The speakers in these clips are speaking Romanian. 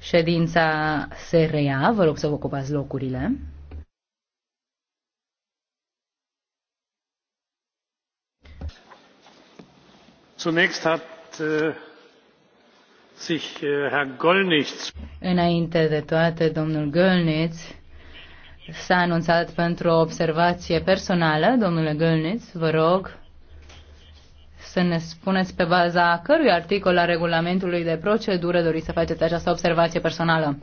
Ședința se reia. Vă rog să vă ocupați locurile. Zunächst hat äh, sich äh, Herr Gollnitz. Înainte de toate, domnul Gollnitz, s-a anunțat pentru o observație personală. Domnule Gollnitz, vă rog, să ne spuneți pe baza cărui articol al regulamentului de procedură doriți să faceți această observație personală.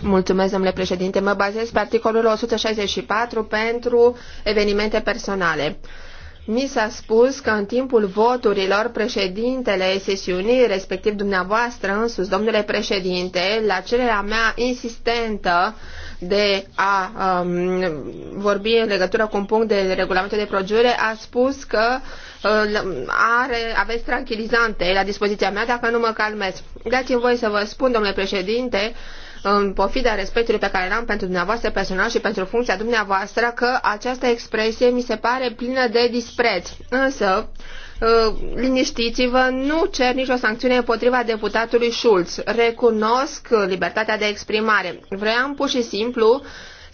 Mulțumesc, domnule președinte. Mă bazez pe articolul 164 pentru evenimente personale. Mi s-a spus că în timpul voturilor președintele sesiunii, respectiv dumneavoastră însuți, domnule președinte, la cererea mea insistentă de a um, vorbi în legătură cu un punct de regulament de progiure, a spus că uh, are, aveți tranquilizante la dispoziția mea dacă nu mă calmez. Dați-mi voi să vă spun, domnule președinte, uh, în pofida respectului pe care l-am pentru dumneavoastră personal și pentru funcția dumneavoastră, că această expresie mi se pare plină de dispreț. Însă, uh, liniștiți-vă, nu cer nicio sancțiune împotriva deputatului Schulz. Recunosc libertatea de exprimare. Vreau pur și simplu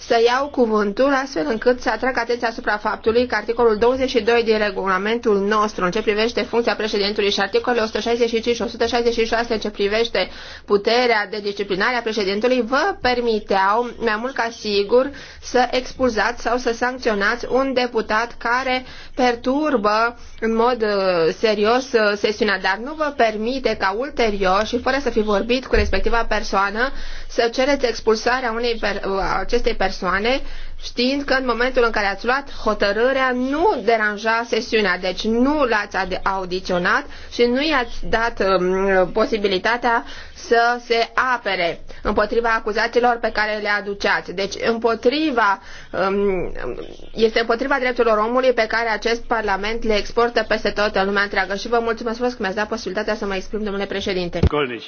să iau cuvântul astfel încât să atrag atenția asupra faptului că articolul 22 din regulamentul nostru în ce privește funcția președintelui și articolele 165 și 166 în ce privește puterea de disciplinare a președintelui vă permiteau mai mult ca sigur să expulzați sau să sancționați un deputat care perturbă în mod uh, serios uh, sesiunea, dar nu vă permite ca ulterior și fără să fi vorbit cu respectiva persoană să cereți expulsarea unei per- uh, acestei persoane persoane, știind că în momentul în care ați luat hotărârea nu deranja sesiunea, deci nu l-ați audiționat și nu i-ați dat um, posibilitatea să se apere împotriva acuzațiilor pe care le aduceați. Deci împotriva, um, este împotriva drepturilor omului pe care acest Parlament le exportă peste tot lumea întreagă. Și vă mulțumesc că mi-ați dat posibilitatea să mă exprim, domnule președinte. Golniș.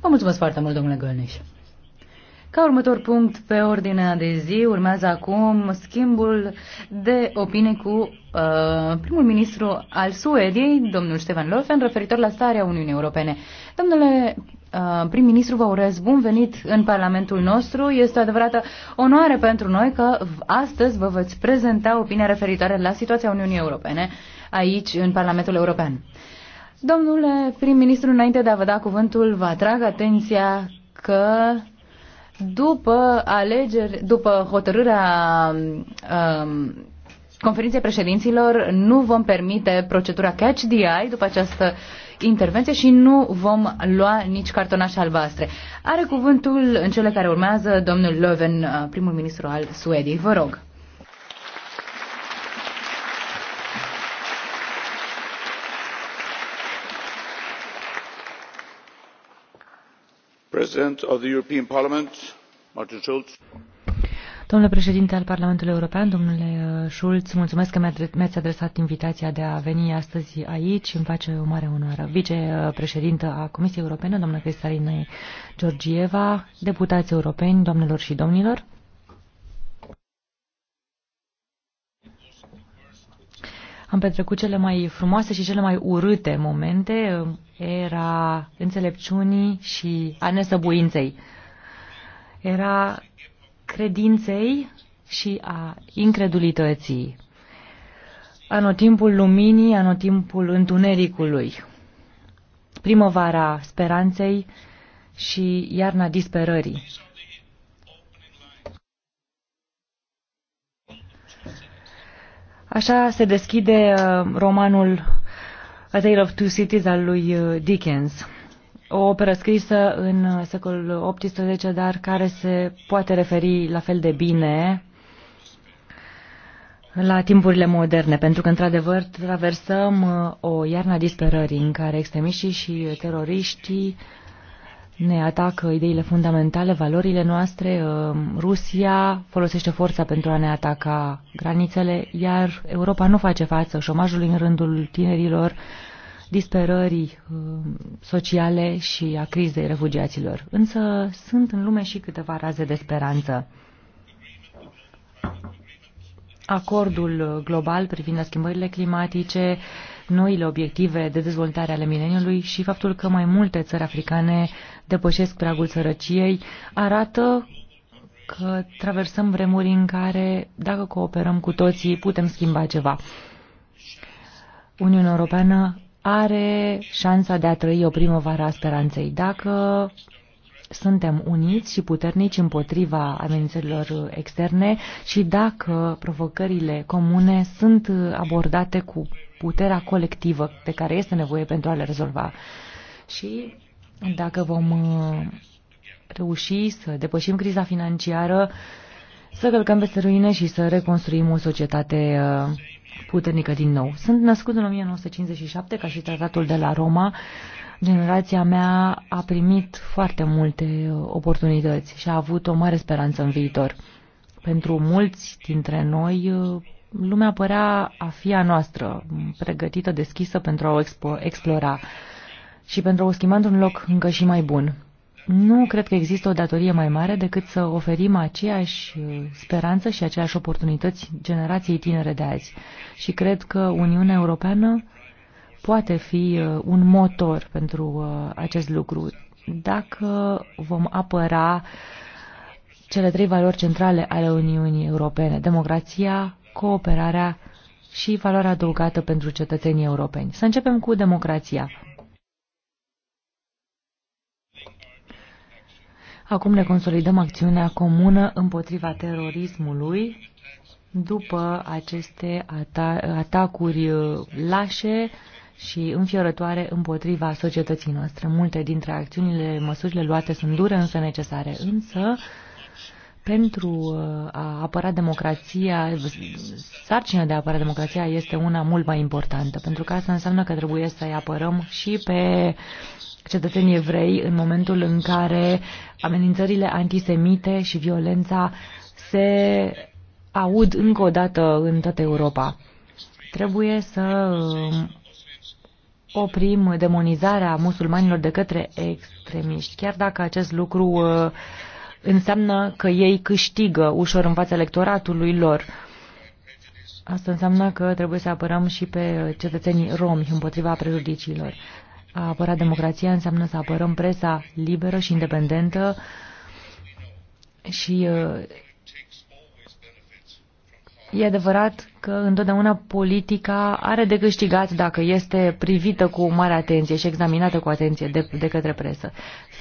Vă mulțumesc foarte mult, domnule Golniș. Ca următor punct pe ordinea de zi urmează acum schimbul de opinie cu uh, primul ministru al Suediei, domnul Stefan Löfven, referitor la starea Uniunii Europene. Domnule uh, prim-ministru, vă urez bun venit în Parlamentul nostru. Este o adevărată onoare pentru noi că astăzi vă veți prezenta opinia referitoare la situația Uniunii Europene aici în Parlamentul European. Domnule prim-ministru, înainte de a vă da cuvântul, vă atrag atenția că după alegeri, după hotărârea um, conferinței președinților, nu vom permite procedura catch the eye după această intervenție și nu vom lua nici cartonașe albastre. Are cuvântul în cele care urmează domnul Löwen, uh, primul ministru al Suediei. Vă rog. Domnule președinte al Parlamentului European, domnule uh, Schulz, mulțumesc că mi-ați adresat invitația de a veni astăzi aici. Îmi face o mare onoare. Vicepreședintă a Comisiei Europene, doamnă kristalina Georgieva, deputați europeni, doamnelor și domnilor, Am petrecut cele mai frumoase și cele mai urâte momente, uh, era înțelepciunii și a nesăbuinței. Era credinței și a incredulității. Anotimpul luminii, anotimpul întunericului. Primăvara speranței și iarna disperării. Așa se deschide uh, romanul A Tale of Two Cities al lui uh, Dickens, o operă scrisă în uh, secolul XVIII, dar care se poate referi la fel de bine la timpurile moderne, pentru că, într-adevăr, traversăm o iarnă a disperării în care extremiștii și teroriștii ne atacă ideile fundamentale, valorile noastre. Uh, Rusia folosește forța pentru a ne ataca granițele, iar Europa nu face față șomajului în rândul tinerilor, disperării uh, sociale și a crizei refugiaților. Însă sunt în lume și câteva raze de speranță. Acordul global privind schimbările climatice, noile obiective de dezvoltare ale mileniului și faptul că mai multe țări africane depășesc pragul sărăciei arată că traversăm vremuri în care, dacă cooperăm cu toții, putem schimba ceva. Uniunea Europeană are șansa de a trăi o primăvară a speranței. Dacă suntem uniți și puternici împotriva amenințărilor externe și dacă provocările comune sunt abordate cu puterea colectivă pe care este nevoie pentru a le rezolva. Și dacă vom uh, reuși să depășim criza financiară, să călcăm peste ruine și să reconstruim o societate uh, puternică din nou. Sunt născut în 1957 ca și tratatul de la Roma. Generația mea a primit foarte multe uh, oportunități și a avut o mare speranță în viitor. Pentru mulți dintre noi, lumea părea a fi a noastră, pregătită, deschisă pentru a o expo- explora și pentru a o schimba într-un loc încă și mai bun. Nu cred că există o datorie mai mare decât să oferim aceeași uh, speranță și aceeași oportunități generației tinere de azi. Și cred că Uniunea Europeană poate fi uh, un motor pentru uh, acest lucru. Dacă vom apăra cele trei valori centrale ale Uniunii Europene, democrația, cooperarea și valoarea adăugată pentru cetățenii europeni. Să începem cu democrația. Acum ne consolidăm acțiunea comună împotriva terorismului după aceste ata atacuri uh, lașe și înfiorătoare împotriva societății noastre. Multe dintre acțiunile, măsurile luate sunt dure, însă necesare. Însă, pentru uh, a apăra democrația, sarcina de a apăra democrația este una mult mai importantă, pentru că asta înseamnă că trebuie să-i apărăm și pe cetățenii evrei în momentul în care amenințările antisemite și violența se aud încă o dată în toată Europa. Trebuie să um, oprim demonizarea musulmanilor de către extremiști, chiar dacă acest lucru uh, înseamnă că ei câștigă ușor în fața electoratului lor. Asta înseamnă că trebuie să apărăm și pe cetățenii romi împotriva prejudiciilor. A apăra democrația înseamnă să apărăm presa liberă și independentă și uh, E adevărat că întotdeauna politica are de câștigat dacă este privită cu mare atenție și examinată cu atenție de, de către presă.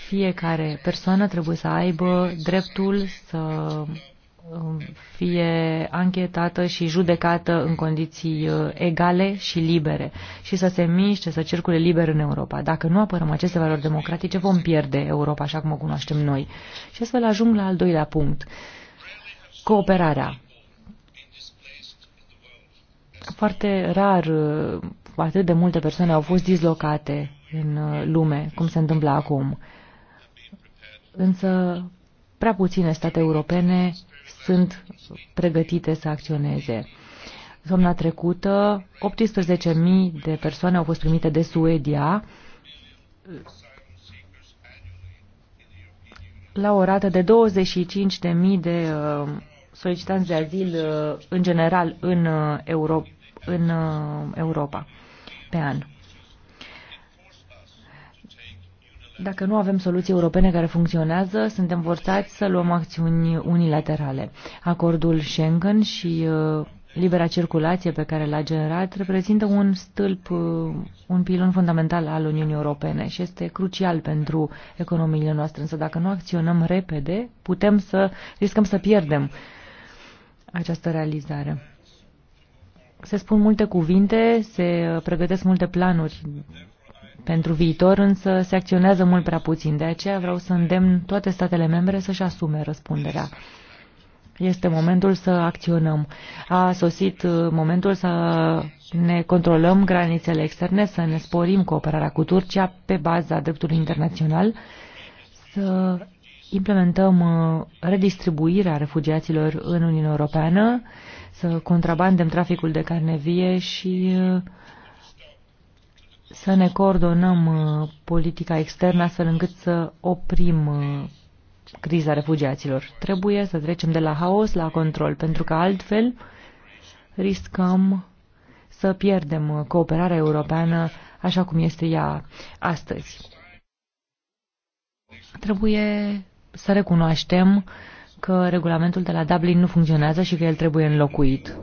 Fiecare persoană trebuie să aibă dreptul să um, fie anchetată și judecată în condiții uh, egale și libere și să se miște, să circule liber în Europa. Dacă nu apărăm aceste valori democratice, vom pierde Europa așa cum o cunoaștem noi. Și astfel ajung la al doilea punct. Cooperarea foarte rar uh, atât de multe persoane au fost dislocate în uh, lume, cum se întâmplă acum. Însă prea puține state europene sunt pregătite să acționeze. Săptămâna trecută, 18.000 de persoane au fost primite de Suedia la o rată de 25.000 de uh, solicitanți de azil uh, în general în, uh, Euro în uh, Europa pe an. Dacă nu avem soluții europene care funcționează, suntem forțați să luăm acțiuni unilaterale. Acordul Schengen și libera circulație pe care l-a generat reprezintă un stâlp, un pilon fundamental al Uniunii Europene și este crucial pentru economiile noastre. Însă dacă nu acționăm repede, putem să riscăm să pierdem această realizare. Se spun multe cuvinte, se uh, pregătesc multe planuri pentru viitor, însă se acționează mult prea puțin. De aceea vreau să îndemn toate statele membre să-și asume răspunderea. Este momentul să acționăm. A sosit uh, momentul să ne controlăm granițele externe, să ne sporim cooperarea cu Turcia pe baza dreptului internațional, să implementăm uh, redistribuirea refugiaților în Uniunea Europeană, să contrabandem traficul de carne vie și uh, să ne coordonăm uh, politica externă astfel încât să oprim criza refugiaților. Trebuie să trecem de la haos la control, pentru că altfel riscăm să pierdem cooperarea europeană așa cum este ea astăzi. Trebuie să recunoaștem că regulamentul de la Dublin nu funcționează și că el trebuie înlocuit.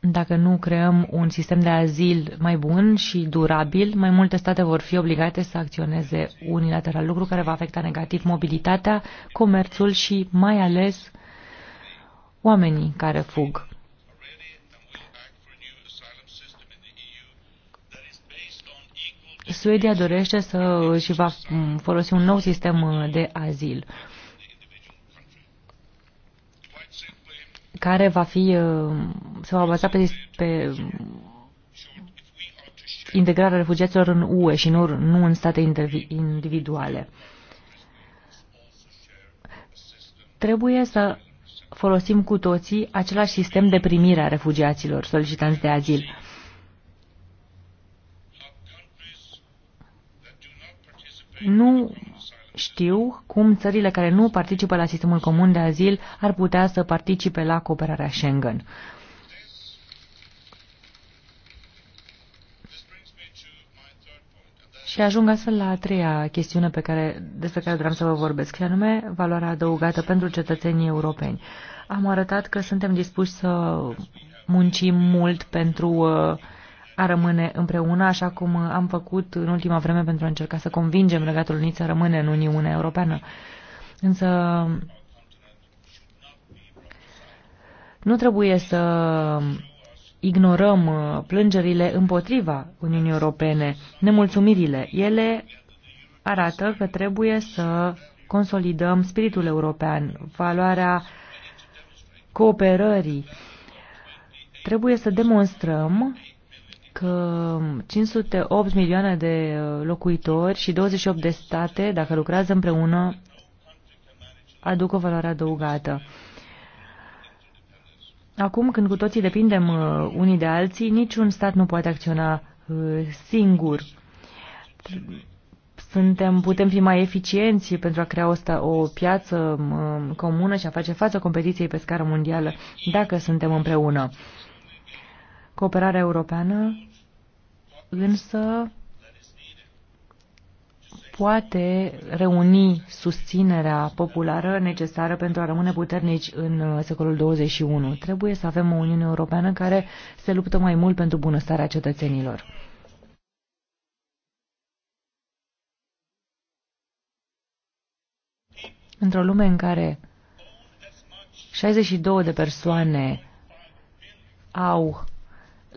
Dacă nu creăm un sistem de azil mai bun și durabil, mai multe state vor fi obligate să acționeze unilateral, lucru care va afecta negativ mobilitatea, comerțul și mai ales oamenii care fug. Suedia dorește să și va mm, folosi un nou sistem uh, de azil care va fi, uh, se va baza pe, pe mm, integrarea refugiaților în UE și nu, nu în state individuale. Trebuie să folosim cu toții același sistem de primire a refugiaților solicitanți de azil. Nu știu cum țările care nu participă la sistemul comun de azil ar putea să participe la cooperarea Schengen. Și ajung astfel la a treia chestiune pe care, despre care vreau să vă vorbesc, și anume valoarea adăugată pentru cetățenii europeni. Am arătat că suntem dispuși să muncim mult pentru uh, a rămâne împreună, așa cum am făcut în ultima vreme pentru a încerca să convingem Regatul Unit să rămâne în Uniunea Europeană. Însă nu trebuie să ignorăm plângerile împotriva Uniunii Europene, nemulțumirile. Ele arată că trebuie să consolidăm spiritul european, valoarea cooperării. Trebuie să demonstrăm că 508 milioane de uh, locuitori și 28 de state, dacă lucrează împreună, aduc o valoare adăugată. Acum, când cu toții depindem uh, unii de alții, niciun stat nu poate acționa uh, singur. Suntem, putem fi mai eficienți pentru a crea o, sta, o piață um, comună și a face față competiției pe scară mondială dacă suntem împreună. Cooperarea europeană însă poate reuni susținerea populară necesară pentru a rămâne puternici în uh, secolul 21. Trebuie să avem o Uniune Europeană care se luptă mai mult pentru bunăstarea cetățenilor. Într-o lume în care 62 de persoane au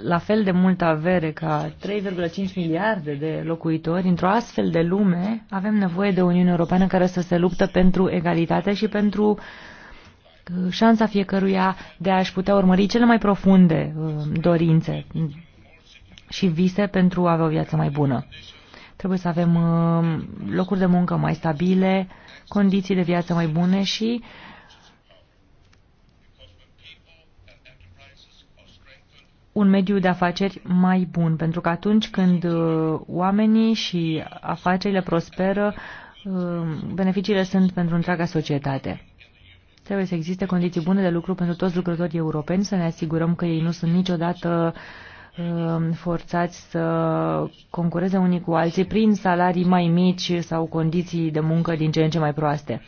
la fel de multă avere ca 3,5 miliarde de locuitori, într-o astfel de lume, avem nevoie de Uniunea Europeană care să se luptă pentru egalitate și pentru uh, șansa fiecăruia de a-și putea urmări cele mai profunde uh, dorințe și vise pentru a avea o viață mai bună. Trebuie să avem uh, locuri de muncă mai stabile, condiții de viață mai bune și uh, un mediu de afaceri mai bun, pentru că atunci când uh, oamenii și afacerile prosperă, uh, beneficiile sunt pentru întreaga societate. Trebuie să existe condiții bune de lucru pentru toți lucrătorii europeni, să ne asigurăm că ei nu sunt niciodată uh, forțați să concureze unii cu alții prin salarii mai mici sau condiții de muncă din ce în ce mai proaste.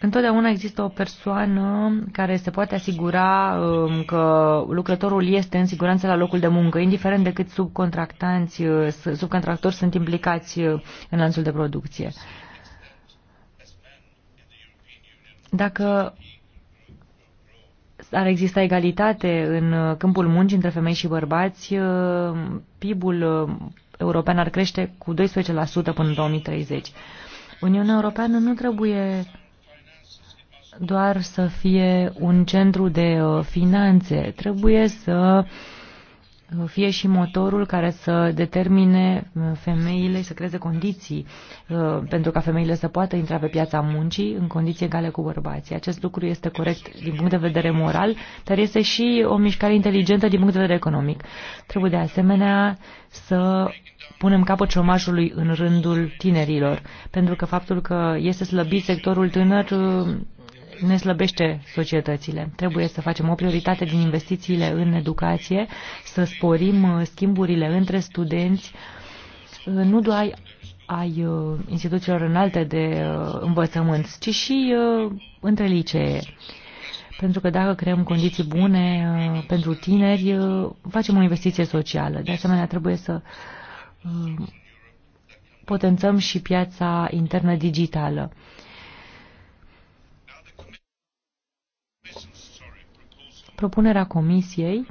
Întotdeauna există o persoană care se poate asigura um, că lucrătorul este în siguranță la locul de muncă, indiferent de cât subcontractanți, uh, subcontractori sunt implicați uh, în lanțul de producție. Dacă ar exista egalitate în uh, câmpul muncii între femei și bărbați, PIB-ul european ar crește cu 12% până în 2030. Uniunea Europeană nu trebuie doar să fie un centru de uh, finanțe, trebuie să uh, fie și motorul care să determine uh, femeile să creeze condiții pentru ca femeile să poată intra pe piața muncii în condiții egale cu bărbații. Acest lucru este corect din punct de vedere moral, dar este și o mișcare inteligentă din punct de vedere economic. Trebuie de asemenea să punem capăt șomajului în rândul tinerilor, pentru că faptul că este slăbit sectorul tânăr ne slăbește societățile. Trebuie să facem o prioritate din investițiile în educație, să sporim uh, schimburile între studenți, uh, nu doar ai uh, instituțiilor înalte de învățământ, ci și între licee. Pentru că dacă creăm condiții bune pentru tineri, facem o investiție socială. De asemenea, trebuie să potențăm și piața internă digitală. Propunerea Comisiei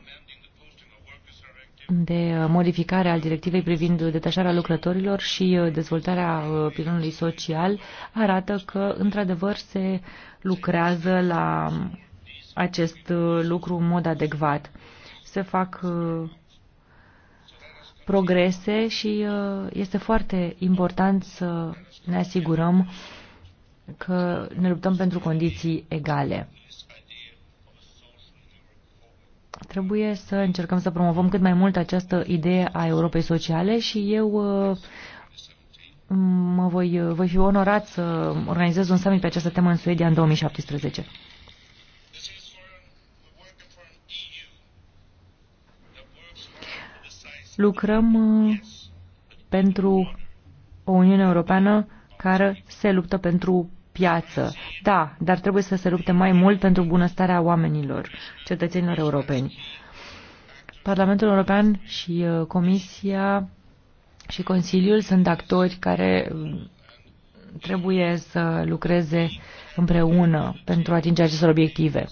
de uh, modificare al directivei privind detașarea lucrătorilor și uh, dezvoltarea uh, pilonului social arată că, într-adevăr, se lucrează la um, acest lucru în mod adecvat. Se fac progrese și este foarte important să ne asigurăm că ne luptăm pentru condiții egale. Trebuie să încercăm să promovăm cât mai mult această idee a Europei Sociale și eu uh, mă voi, uh, voi fi onorat să organizez un summit pe această temă în Suedia în 2017. Lucrăm uh, pentru o Uniune Europeană care se luptă pentru piață, da, dar trebuie să se lupte mai mult pentru bunăstarea oamenilor, cetățenilor europeni. Parlamentul European și uh, Comisia și Consiliul sunt actori care um, trebuie să lucreze împreună pentru a atinge aceste obiective.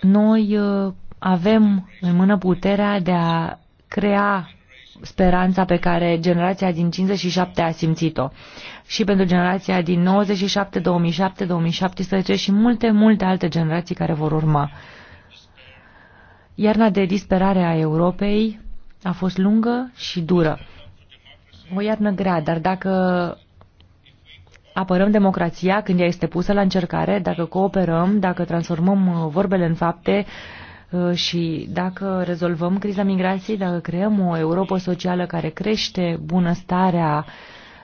Noi uh, avem în mână puterea de a crea speranța pe care generația din 57 a simțit-o și pentru generația din 97, 2007, 2017 și multe, multe alte generații care vor urma. Iarna de disperare a Europei a fost lungă și dură. O iarnă grea, dar dacă apărăm democrația când ea este pusă la încercare, dacă cooperăm, dacă transformăm uh, vorbele în fapte, Uh, și dacă rezolvăm criza migrației, dacă creăm o Europa socială care crește bunăstarea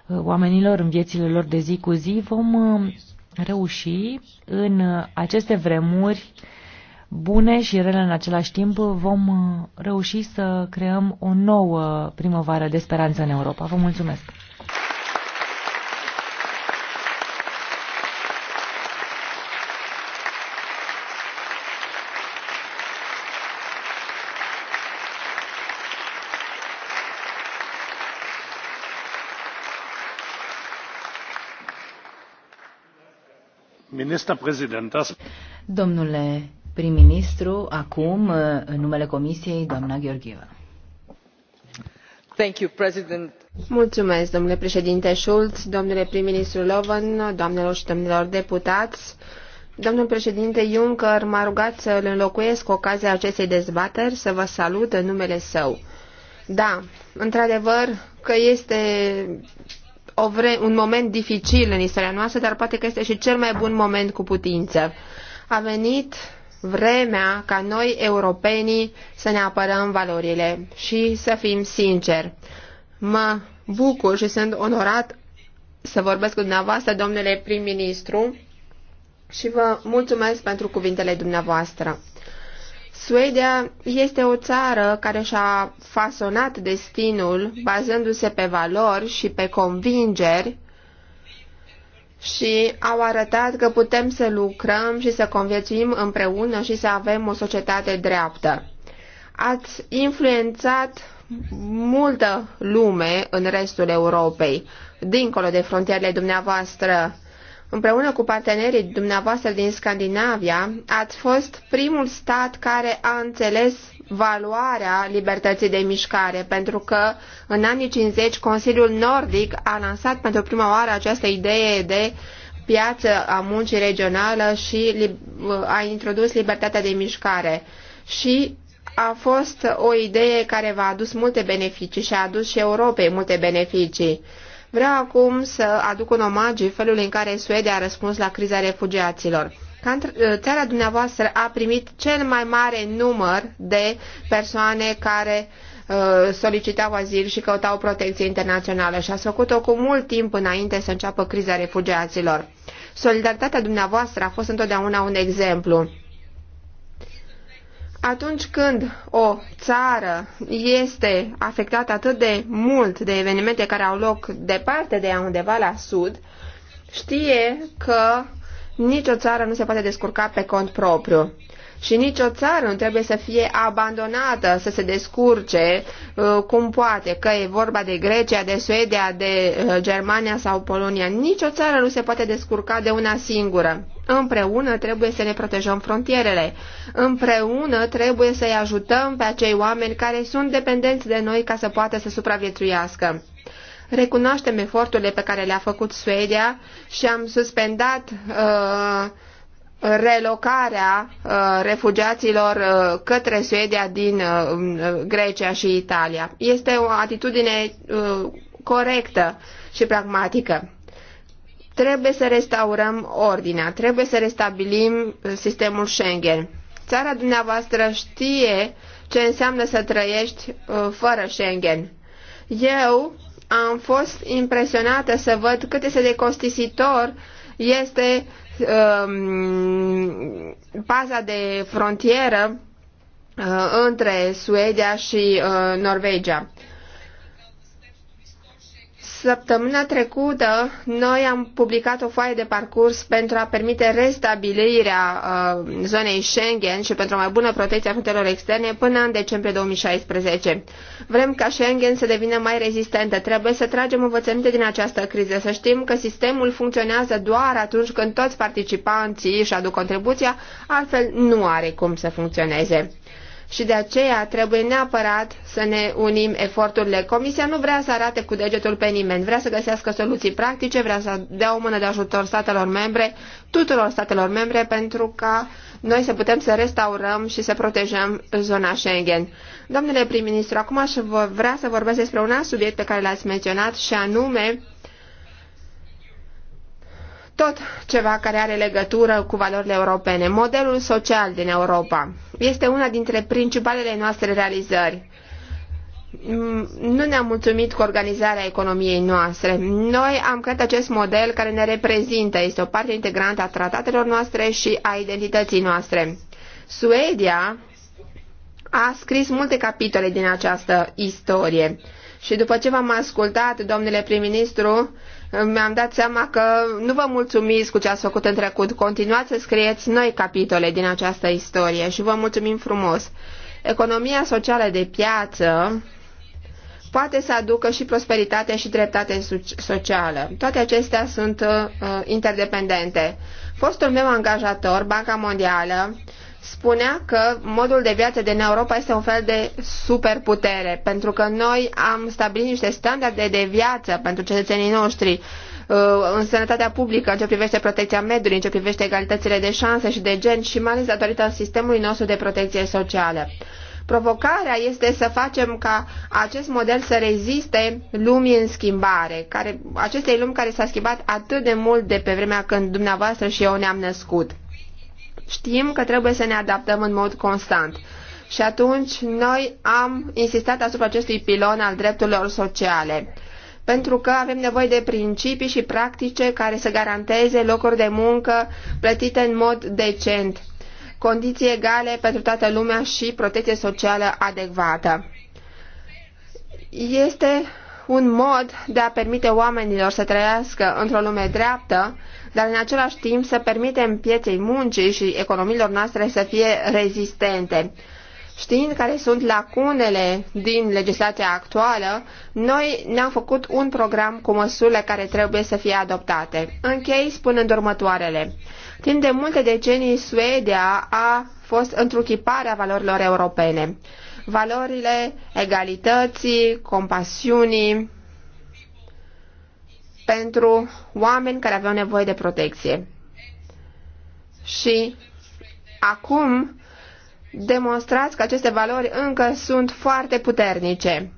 uh, oamenilor în viețile lor de zi cu zi, vom uh, reuși în aceste vremuri bune și rele în același timp, vom reuși să creăm o nouă primăvară de speranță în Europa. Vă mulțumesc! Domnule prim-ministru, acum, uh, în numele Comisiei, doamna georgieva Mulțumesc, domnule președinte Schulz, domnule prim-ministru Loven, doamnelor și domnilor deputați. Domnul președinte Juncker m-a rugat să îl înlocuiesc cu ocazia acestei dezbateri, să vă salut în numele său. Da, într-adevăr că este o vre- un moment dificil în istoria noastră, dar poate că este și cel mai bun moment cu putință. A venit vremea ca noi, europenii, să ne apărăm valorile și să fim sinceri. Mă bucur și sunt onorat să vorbesc cu dumneavoastră, domnule prim-ministru, și vă mulțumesc pentru cuvintele dumneavoastră. Suedia este o țară care și-a fasonat destinul bazându-se pe valori și pe convingeri și au arătat că putem să lucrăm și să conviețuim împreună și să avem o societate dreaptă. Ați influențat multă lume în restul Europei, dincolo de frontierele dumneavoastră împreună cu partenerii dumneavoastră din Scandinavia, ați fost primul stat care a înțeles valoarea libertății de mișcare, pentru că în anii 50 Consiliul Nordic a lansat pentru prima oară această idee de piață a muncii regională și a introdus libertatea de mișcare. Și a fost o idee care v-a adus multe beneficii și a adus și Europei multe beneficii. Vreau acum să aduc un omagiu felului în care Suedia a răspuns la criza refugiaților. Țara dumneavoastră a primit cel mai mare număr de persoane care uh, solicitau azil și căutau protecție internațională și a făcut-o cu mult timp înainte să înceapă criza refugiaților. Solidaritatea dumneavoastră a fost întotdeauna un exemplu atunci când o țară este afectată atât de mult de evenimente care au loc departe de ea undeva la sud, știe că nicio țară nu se poate descurca pe cont propriu. Și nicio țară nu trebuie să fie abandonată, să se descurce uh, cum poate, că e vorba de Grecia, de Suedia, de uh, Germania sau Polonia. Nicio țară nu se poate descurca de una singură. Împreună trebuie să ne protejăm frontierele. Împreună trebuie să-i ajutăm pe acei oameni care sunt dependenți de noi ca să poată să supraviețuiască. Recunoaștem eforturile pe care le-a făcut Suedia și am suspendat uh, relocarea uh, refugiaților uh, către Suedia din uh, Grecia și Italia. Este o atitudine corectă și pragmatică. Trebuie să restaurăm ordinea, trebuie să restabilim sistemul Schengen. Țara dumneavoastră știe ce înseamnă să trăiești fără Schengen. Eu am fost impresionată să văd cât este de costisitor este paza um, de frontieră uh, între Suedia și uh, Norvegia. Săptămâna trecută noi am publicat o foaie de parcurs pentru a permite restabilirea uh, zonei Schengen și pentru o mai bună protecție a frontelor externe până în decembrie 2016. Vrem ca Schengen să devină mai rezistentă. Trebuie să tragem învățăminte din această criză, să știm că sistemul funcționează doar atunci când toți participanții își aduc contribuția, altfel nu are cum să funcționeze și de aceea trebuie neapărat să ne unim eforturile. Comisia nu vrea să arate cu degetul pe nimeni, vrea să găsească soluții practice, vrea să dea o mână de ajutor statelor membre, tuturor statelor membre, pentru ca noi să putem să restaurăm și să protejăm zona Schengen. Domnule prim-ministru, acum aș vrea să vorbesc despre un alt subiect pe care l-ați menționat și anume tot ceva care are legătură cu valorile europene. Modelul social din Europa este una dintre principalele noastre realizări. Mm, nu ne-am mulțumit cu organizarea economiei noastre. Noi am creat acest model care ne reprezintă, este o parte integrantă a tratatelor noastre și a identității noastre. Suedia a scris multe capitole din această istorie. Și după ce v-am ascultat, domnule prim-ministru, mi-am dat seama că nu vă mulțumiți cu ce ați făcut în trecut. Continuați să scrieți noi capitole din această istorie și vă mulțumim frumos. Economia socială de piață poate să aducă și prosperitate și dreptate socială. Toate acestea sunt uh, interdependente. Fostul meu angajator, Banca Mondială, spunea că modul de viață din Europa este un fel de superputere, pentru că noi am stabilit niște standarde de viață pentru cetățenii noștri uh, în sănătatea publică, în ce privește protecția mediului, în ce privește egalitățile de șanse și de gen și mai ales datorită sistemului nostru de protecție socială. Provocarea este să facem ca acest model să reziste lumii în schimbare, care, acestei lumi care s-a schimbat atât de mult de pe vremea când dumneavoastră și eu ne-am născut știm că trebuie să ne adaptăm în mod constant. Și atunci noi am insistat asupra acestui pilon al drepturilor sociale pentru că avem nevoie de principii și practice care să garanteze locuri de muncă plătite în mod decent, condiții egale pentru toată lumea și protecție socială adecvată. Este un mod de a permite oamenilor să trăiască într-o lume dreaptă dar în același timp să permitem pieței muncii și economiilor noastre să fie rezistente. Știind care sunt lacunele din legislația actuală, noi ne-am făcut un program cu măsurile care trebuie să fie adoptate. Închei spunând următoarele. Timp de multe decenii, Suedia a fost a valorilor europene. Valorile egalității, compasiunii, pentru oameni care aveau nevoie de protecție. Și acum demonstrați că aceste valori încă sunt foarte puternice.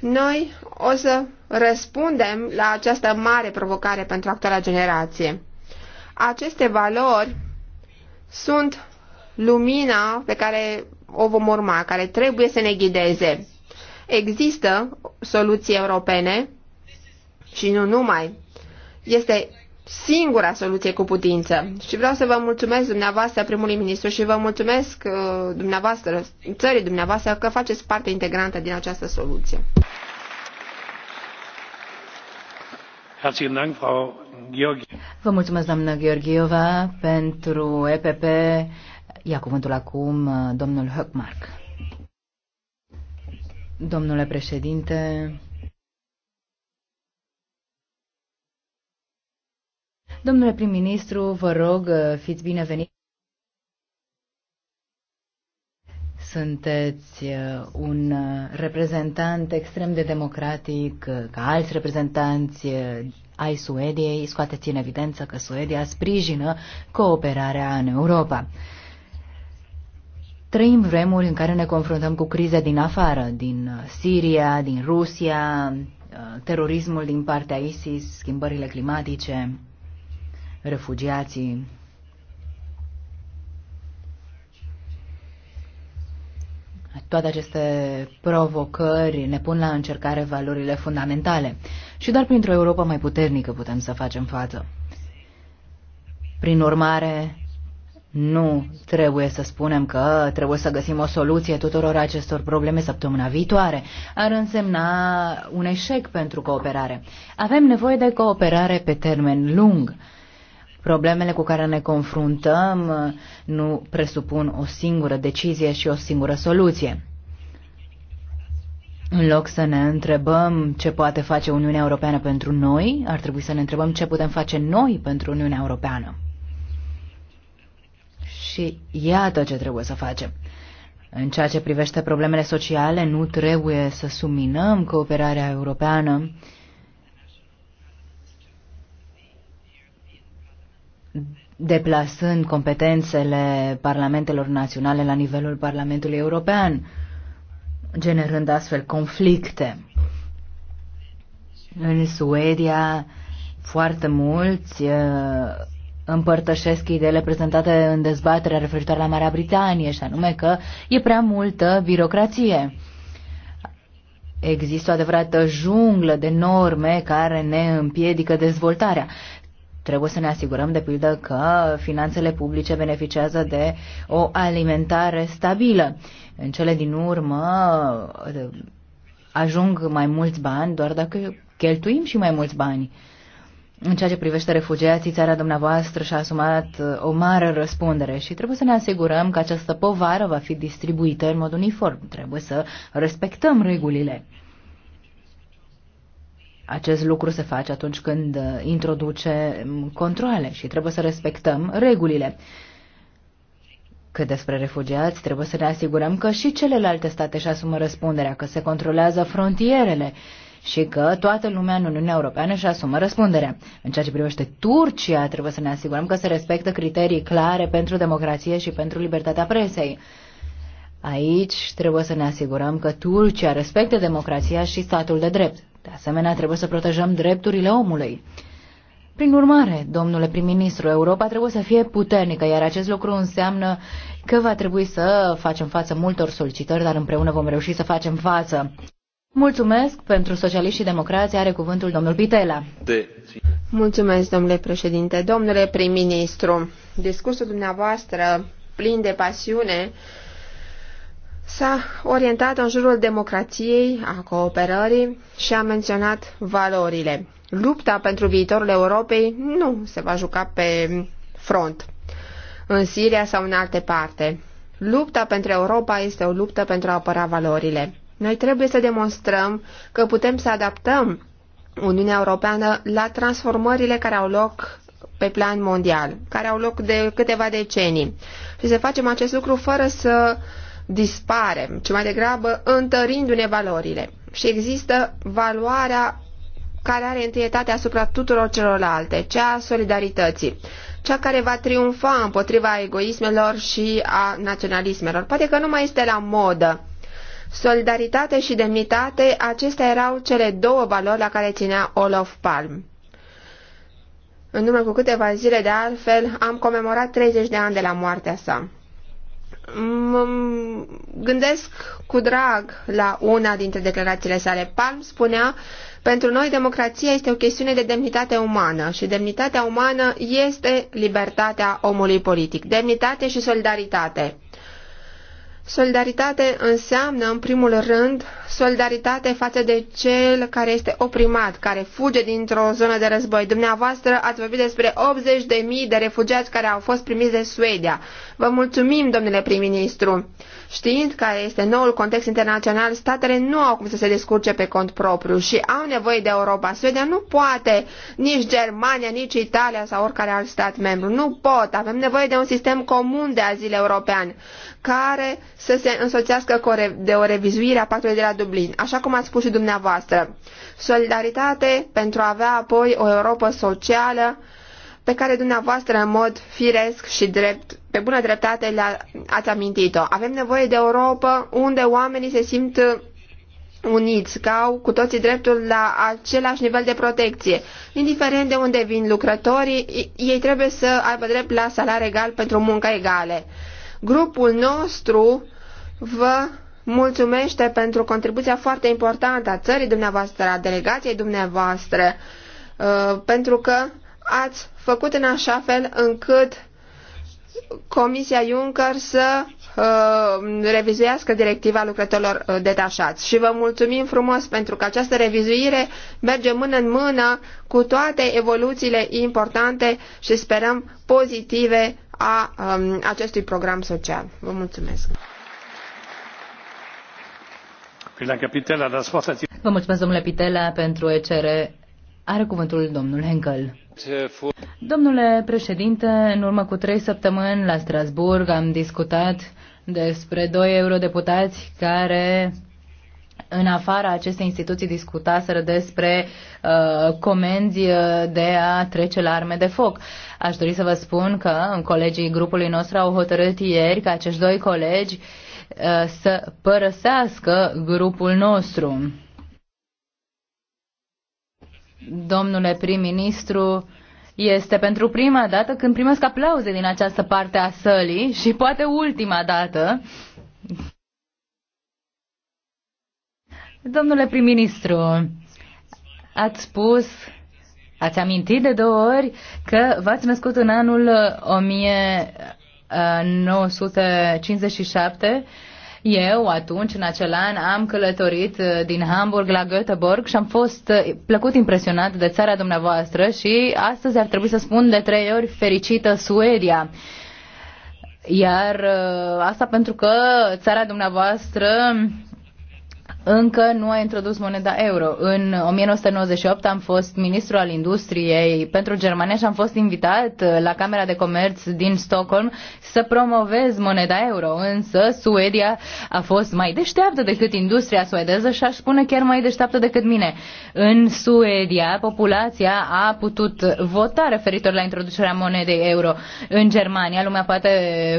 Noi o să răspundem la această mare provocare pentru actuala generație. Aceste valori sunt lumina pe care o vom urma, care trebuie să ne ghideze. Există soluții europene și nu numai, este singura soluție cu putință. Și vreau să vă mulțumesc dumneavoastră, primului ministru, și vă mulțumesc uh, dumneavoastră, țării dumneavoastră, că faceți parte integrantă din această soluție. Vă mulțumesc, doamnă Gheorgheva, pentru EPP. Ia cuvântul acum uh, domnul Höckmark. Domnule președinte, Domnule prim-ministru, vă rog, uh, fiți binevenit. Sunteți uh, un uh, reprezentant extrem de democratic, ca alți reprezentanți ai Suediei, scoateți în evidență că Suedia sprijină cooperarea în Europa. Trăim vremuri în care ne confruntăm cu crize din afară, din Siria, din Rusia, terorismul din partea ISIS, schimbările climatice refugiații. Toate aceste provocări ne pun la încercare valorile fundamentale și doar printr-o Europa mai puternică putem să facem față. Prin urmare, nu trebuie să spunem că trebuie să găsim o soluție tuturor acestor probleme săptămâna viitoare. Ar însemna un eșec pentru cooperare. Avem nevoie de cooperare pe termen lung. Problemele cu care ne confruntăm uh, nu presupun o singură decizie și o singură soluție. În loc să ne întrebăm ce poate face Uniunea Europeană pentru noi, ar trebui să ne întrebăm ce putem face noi pentru Uniunea Europeană. Și iată ce trebuie să facem. În ceea ce privește problemele sociale, nu trebuie să suminăm cooperarea europeană deplasând competențele parlamentelor naționale la nivelul Parlamentului European, generând astfel conflicte. În Suedia, foarte mulți uh, împărtășesc ideile prezentate în dezbaterea referitoare la Marea Britanie, și anume că e prea multă birocrație. Există o adevărată junglă de norme care ne împiedică dezvoltarea. Trebuie să ne asigurăm, de pildă, că finanțele publice beneficiază de o alimentare stabilă. În cele din urmă ajung mai mulți bani doar dacă cheltuim și mai mulți bani. În ceea ce privește refugiații, țara dumneavoastră și-a asumat uh, o mare răspundere și trebuie să ne asigurăm că această povară va fi distribuită în mod uniform. Trebuie să respectăm regulile. Acest lucru se face atunci când uh, introduce um, controle și trebuie să respectăm regulile. Că despre refugiați, trebuie să ne asigurăm că și celelalte state își asumă răspunderea, că se controlează frontierele și că toată lumea în Uniunea Europeană își asumă răspunderea. În ceea ce privește Turcia, trebuie să ne asigurăm că se respectă criterii clare pentru democrație și pentru libertatea presei. Aici trebuie să ne asigurăm că Turcia respectă democrația și statul de drept. De asemenea, trebuie să protejăm drepturile omului. Prin urmare, domnule prim-ministru, Europa trebuie să fie puternică, iar acest lucru înseamnă că va trebui să facem față multor solicitări, dar împreună vom reuși să facem față. Mulțumesc pentru socialiști și democrații, are cuvântul domnul Pitela. De. Mulțumesc, domnule președinte. Domnule prim-ministru, discursul dumneavoastră plin de pasiune s-a orientat în jurul democrației, a cooperării și a menționat valorile. Lupta pentru viitorul Europei nu se va juca pe front, în Siria sau în alte parte. Lupta pentru Europa este o luptă pentru a apăra valorile. Noi trebuie să demonstrăm că putem să adaptăm Uniunea Europeană la transformările care au loc pe plan mondial, care au loc de câteva decenii. Și să facem acest lucru fără să uh, dispare, ci mai degrabă întărindu-ne valorile. Și există valoarea care are întâietate asupra tuturor celorlalte, cea a solidarității, cea care va triumfa împotriva egoismelor și a naționalismelor. Poate că nu mai este la modă. Solidaritate și demnitate, acestea erau cele două valori la care ținea Olof Palm. În urmă cu câteva zile de altfel, am comemorat 30 de ani de la moartea sa mă gândesc cu drag la una dintre declarațiile sale. Palm spunea, pentru noi democrația este o chestiune de demnitate umană și demnitatea umană este libertatea omului politic. Demnitate și solidaritate. Solidaritate înseamnă, în primul rând, solidaritate față de cel care este oprimat, care fuge dintr-o zonă de război. Dumneavoastră ați vorbit despre 80.000 de refugiați care au fost primiți de Suedia. Vă mulțumim, domnule prim-ministru. Știind care este noul context internațional, statele nu au cum să se descurce pe cont propriu și au nevoie de Europa. Suedia nu poate, nici Germania, nici Italia sau oricare alt stat membru. Nu pot. Avem nevoie de un sistem comun de azil european care să se însoțească de o revizuire a pactului de la Dublin, așa cum ați spus și dumneavoastră. Solidaritate pentru a avea apoi o Europa socială pe care dumneavoastră în mod firesc și drept, pe bună dreptate le ați amintit-o. Avem nevoie de Europa unde oamenii se simt uh, uniți, că au cu toții dreptul la același nivel de protecție. Indiferent de unde vin lucrătorii, ei trebuie să aibă drept la salariu egal pentru muncă egale. Grupul nostru vă mulțumește pentru contribuția foarte importantă a țării dumneavoastră, a delegației dumneavoastră, uh, pentru că ați făcut în așa fel încât Comisia Juncker să uh, revizuiască directiva lucrătorilor uh, detașați. Și vă mulțumim frumos pentru că această revizuire merge mână în mână cu toate evoluțiile importante și sperăm pozitive a um, acestui program social. Vă mulțumesc! Vă mulțumesc, domnule Pitela, pentru ECR are cuvântul domnul Henkel. Domnule președinte, în urmă cu trei săptămâni la Strasburg am discutat despre doi eurodeputați care în afara acestei instituții discutaseră despre uh, comenzi de a trece la arme de foc. Aș dori să vă spun că colegii grupului nostru au hotărât ieri că acești doi colegi uh, să părăsească grupul nostru domnule prim-ministru, este pentru prima dată când primesc aplauze din această parte a sălii și poate ultima dată. Domnule prim-ministru, ați spus, ați amintit de două ori că v-ați născut în anul 1957 eu atunci, în acel an, am călătorit uh, din Hamburg la Göteborg și am fost uh, plăcut impresionat de țara dumneavoastră și astăzi ar trebui să spun de trei ori fericită Suedia. Iar uh, asta pentru că țara dumneavoastră încă nu a introdus moneda euro. În 1998 am fost ministru al industriei pentru Germania și am fost invitat uh, la Camera de Comerț din Stockholm să promovez moneda euro. Însă Suedia a fost mai deșteaptă decât industria suedeză și aș spune chiar mai deșteaptă decât mine. În Suedia, populația a putut vota referitor la introducerea monedei euro. În Germania, lumea poate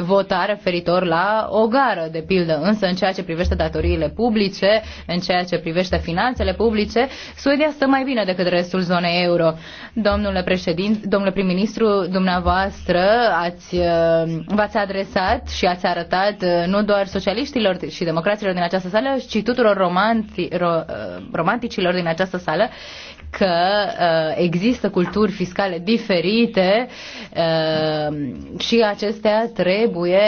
vota referitor la o gară, de pildă. Însă, în ceea ce privește datoriile publice, în ceea ce privește finanțele publice, Suedia stă mai bine decât restul zonei euro. Domnule președinte, domnule prim-ministru, dumneavoastră ați, uh, v-ați adresat și ați arătat uh, nu doar socialiștilor și democraților din această sală, ci tuturor romanti, ro, uh, romanticilor din această sală că uh, există culturi fiscale diferite uh, și acestea trebuie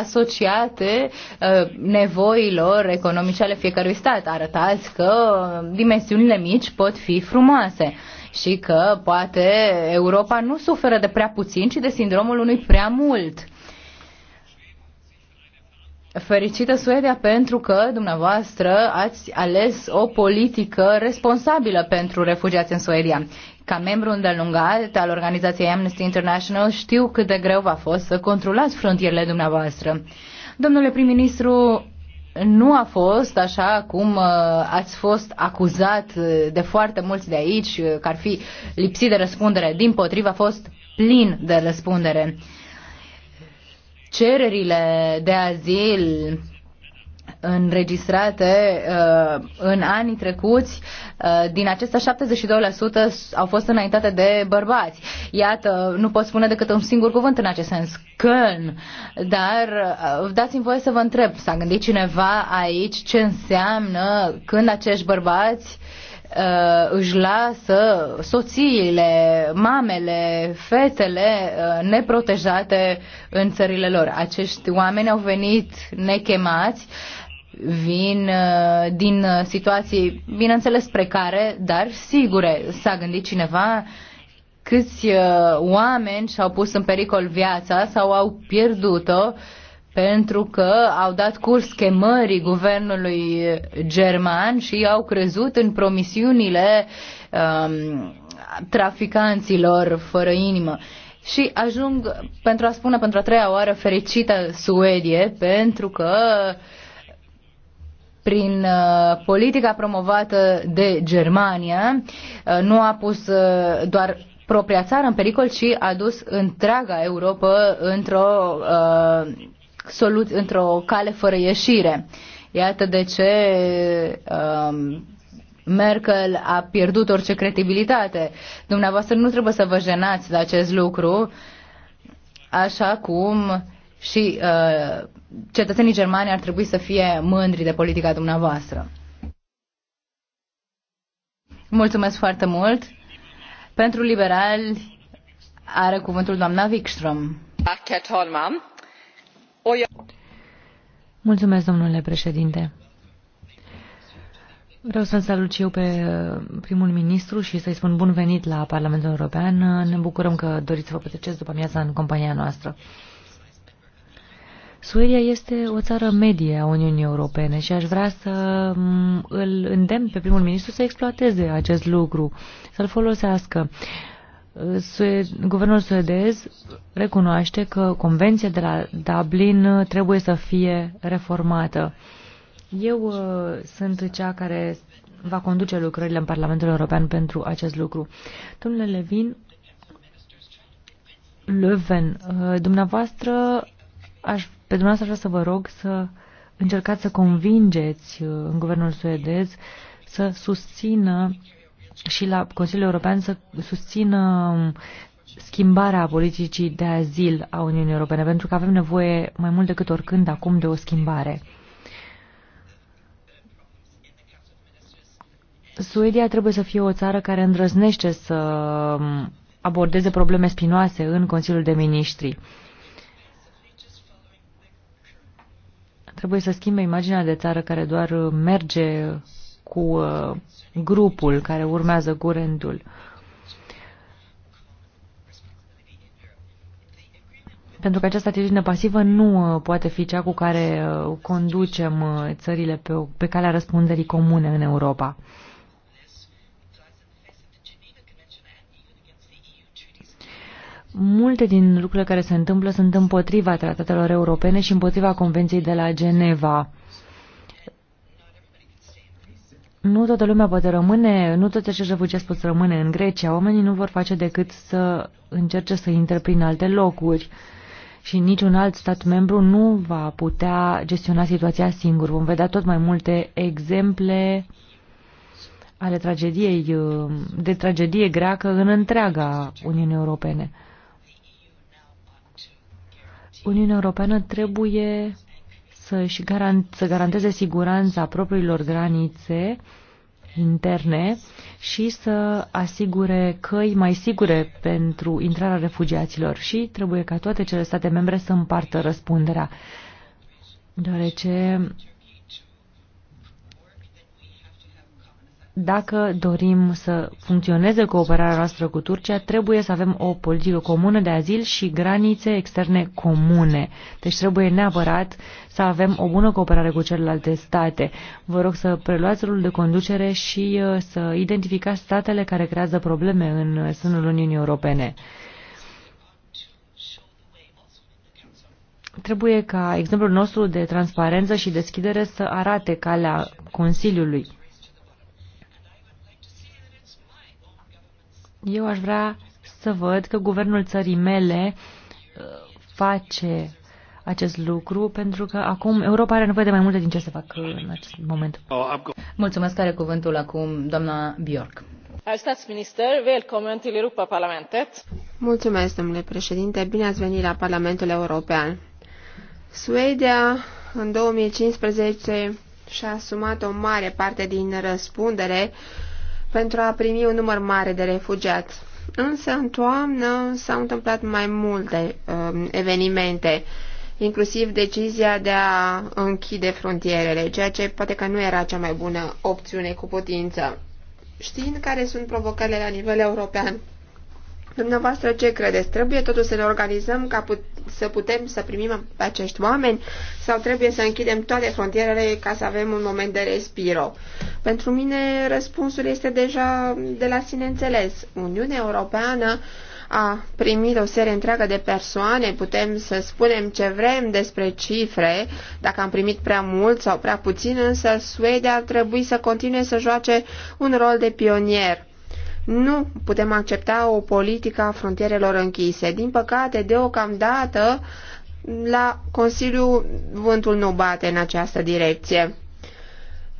asociate uh, nevoilor economice ale fiecărui stat. Arătați că dimensiunile mici pot fi frumoase și că poate Europa nu suferă de prea puțin, ci de sindromul unui prea mult Fericită Suedia pentru că dumneavoastră ați ales o politică responsabilă pentru refugiați în Suedia. Ca membru îndelungat al organizației Amnesty International știu cât de greu v-a fost să controlați frontierele dumneavoastră. Domnule prim-ministru, nu a fost așa cum uh, ați fost acuzat uh, de foarte mulți de aici, uh, că ar fi lipsit de răspundere. Din potrivă, a fost plin de răspundere cererile de azil înregistrate uh, în anii trecuți, uh, din acestea 72% au fost înaintate de bărbați. Iată, nu pot spune decât un singur cuvânt în acest sens, când, dar uh, dați-mi voie să vă întreb, s-a gândit cineva aici ce înseamnă când acești bărbați uh, uh, își lasă soțiile, mamele, fetele uh, neprotejate în țările lor. Acești oameni au venit nechemați, vin uh, din situații, bineînțeles, precare, dar sigure. S-a gândit cineva câți uh, oameni și-au pus în pericol viața sau au pierdut-o uh, pentru că au dat curs chemării guvernului german și au crezut în promisiunile um, traficanților fără inimă. Și ajung, pentru a spune pentru a treia oară, fericită Suedie, pentru că prin uh, politica promovată de Germania uh, nu a pus uh, doar propria țară în pericol, ci a dus întreaga Europa într-o uh, solu- într-o cale fără ieșire. Iată de ce um, Merkel a pierdut orice credibilitate. Dumneavoastră nu trebuie să vă jenați de acest lucru, așa cum și uh, cetățenii germani ar trebui să fie mândri de politica dumneavoastră. Mulțumesc foarte mult. Pentru liberali are cuvântul doamna Wikström. Tack, herr talman. Mulțumesc, domnule președinte. Vreau să-l salut și eu pe uh, primul ministru și să-i spun bun venit la Parlamentul European. Uh, ne bucurăm că doriți să vă petreceți după amiaza în compania noastră. Suedia este o țară medie a Uniunii Europene și aș vrea să mm, îl îndemn pe primul ministru să exploateze acest lucru, să-l folosească guvernul suedez recunoaște că convenția de la Dublin trebuie să fie reformată. Eu uh, sunt cea care va conduce lucrările în Parlamentul European pentru acest lucru. Domnule Levin, Löwen, uh, dumneavoastră, aș, pe dumneavoastră aș vrea să vă rog să încercați să convingeți uh, în guvernul suedez să susțină și la Consiliul European să susțină schimbarea politicii de azil a Uniunii Europene, pentru că avem nevoie mai mult decât oricând acum de o schimbare. Suedia trebuie să fie o țară care îndrăznește să abordeze probleme spinoase în Consiliul de Ministri. Trebuie să schimbe imaginea de țară care doar merge cu uh, grupul care urmează curentul. Pentru că această atitudine pasivă nu uh, poate fi cea cu care uh, conducem țările pe, pe calea răspunderii comune în Europa. Multe din lucrurile care se întâmplă sunt împotriva tratatelor europene și împotriva Convenției de la Geneva nu toată lumea poate rămâne, nu toți acești refugiați pot să rămâne în Grecia. Oamenii nu vor face decât să încerce să intre prin alte locuri și niciun alt stat membru nu va putea gestiona situația singur. Vom vedea tot mai multe exemple ale tragediei, de tragedie greacă în întreaga Uniune Europene. Uniunea Europeană trebuie să-și garant, să garanteze siguranța propriilor granițe interne și să asigure căi mai sigure pentru intrarea refugiaților și trebuie ca toate cele state membre să împartă răspunderea, deoarece dacă dorim să funcționeze cooperarea noastră cu Turcia, trebuie să avem o politică comună de azil și granițe externe comune. Deci trebuie neapărat să avem o bună cooperare cu celelalte state. Vă rog să preluați rolul de conducere și uh, să identificați statele care creează probleme în sânul Uniunii Europene. Trebuie ca exemplul nostru de transparență și deschidere să arate calea Consiliului eu aș vrea să văd că guvernul țării mele uh, face acest lucru, pentru că acum Europa are nevoie de mai multe din ce se fac în acest moment. Mulțumesc, are cuvântul acum doamna Bjork. Mulțumesc, domnule președinte, bine ați venit la Parlamentul European. Suedia, în 2015, și-a asumat o mare parte din răspundere uh, pentru a primi un număr mare de refugiați. Însă, în toamnă s-au întâmplat mai multe uh, evenimente, inclusiv decizia de a închide frontierele, ceea ce poate că nu era cea mai bună opțiune cu putință. Știind care sunt provocările la nivel european Dumneavoastră ce credeți? Trebuie totuși să ne organizăm ca put să putem să primim acești oameni sau trebuie să închidem toate frontierele ca să avem un moment de respiro? Pentru mine răspunsul este deja de la sine înțeles. Uniunea Europeană a primit o serie întreagă de persoane, putem să spunem ce vrem despre cifre, dacă am primit prea mult sau prea puțin, însă Suedia ar trebui să continue să joace un rol de pionier nu putem accepta o politică a frontierelor închise. Din păcate, deocamdată, la Consiliu vântul nu bate în această direcție.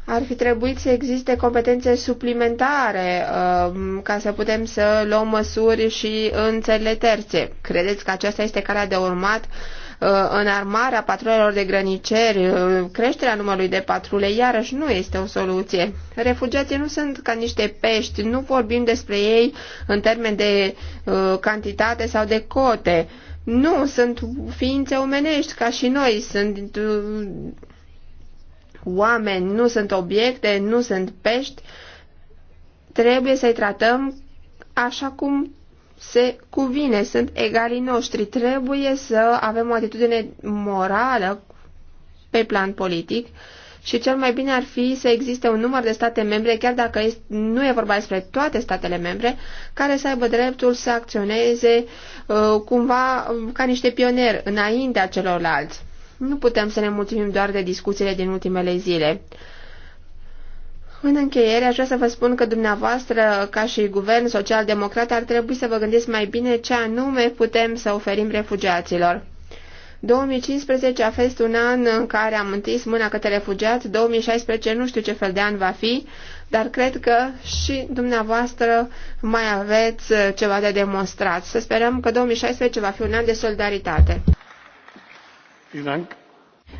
Ar fi trebuit să existe competențe suplimentare uh, ca să putem să luăm măsuri și în țările terțe. Credeți că aceasta este calea de urmat Uh, înarmarea patrulelor de grăniceri, uh, creșterea numărului de patrule, iarăși nu este o soluție. Refugiații nu sunt ca niște pești, nu vorbim despre ei în termen de uh, cantitate sau de cote. Nu, sunt ființe omenești ca și noi, sunt oameni, nu sunt obiecte, nu sunt pești. Trebuie să-i tratăm așa cum se cuvine, sunt egalii noștri. Trebuie să avem o atitudine morală pe plan politic și cel mai bine ar fi să existe un număr de state membre, chiar dacă nu e vorba despre toate statele membre, care să aibă dreptul să acționeze uh, cumva ca niște pioneri înaintea celorlalți. Nu putem să ne mulțumim doar de discuțiile din ultimele zile. În încheiere, aș vrea să vă spun că dumneavoastră, ca și guvern social-democrat, ar trebui să vă gândiți mai bine ce anume putem să oferim refugiaților. 2015 a fost un an în care am întins mâna către refugiați, 2016 nu știu ce fel de an va fi, dar cred că și dumneavoastră mai aveți uh, ceva de demonstrat. Să sperăm că 2016 va fi un an de solidaritate.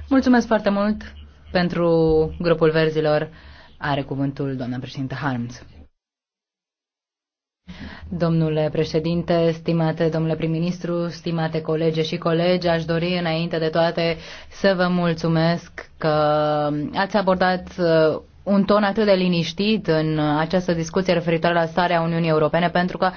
Mulțumesc foarte mult pentru grupul verzilor. Are cuvântul doamna președintă Harms. Domnule președinte, stimate domnule prim-ministru, stimate colege și colegi, aș dori înainte de toate să vă mulțumesc că ați abordat uh, un ton atât de liniștit în această discuție referitoare la starea Uniunii Europene, pentru că,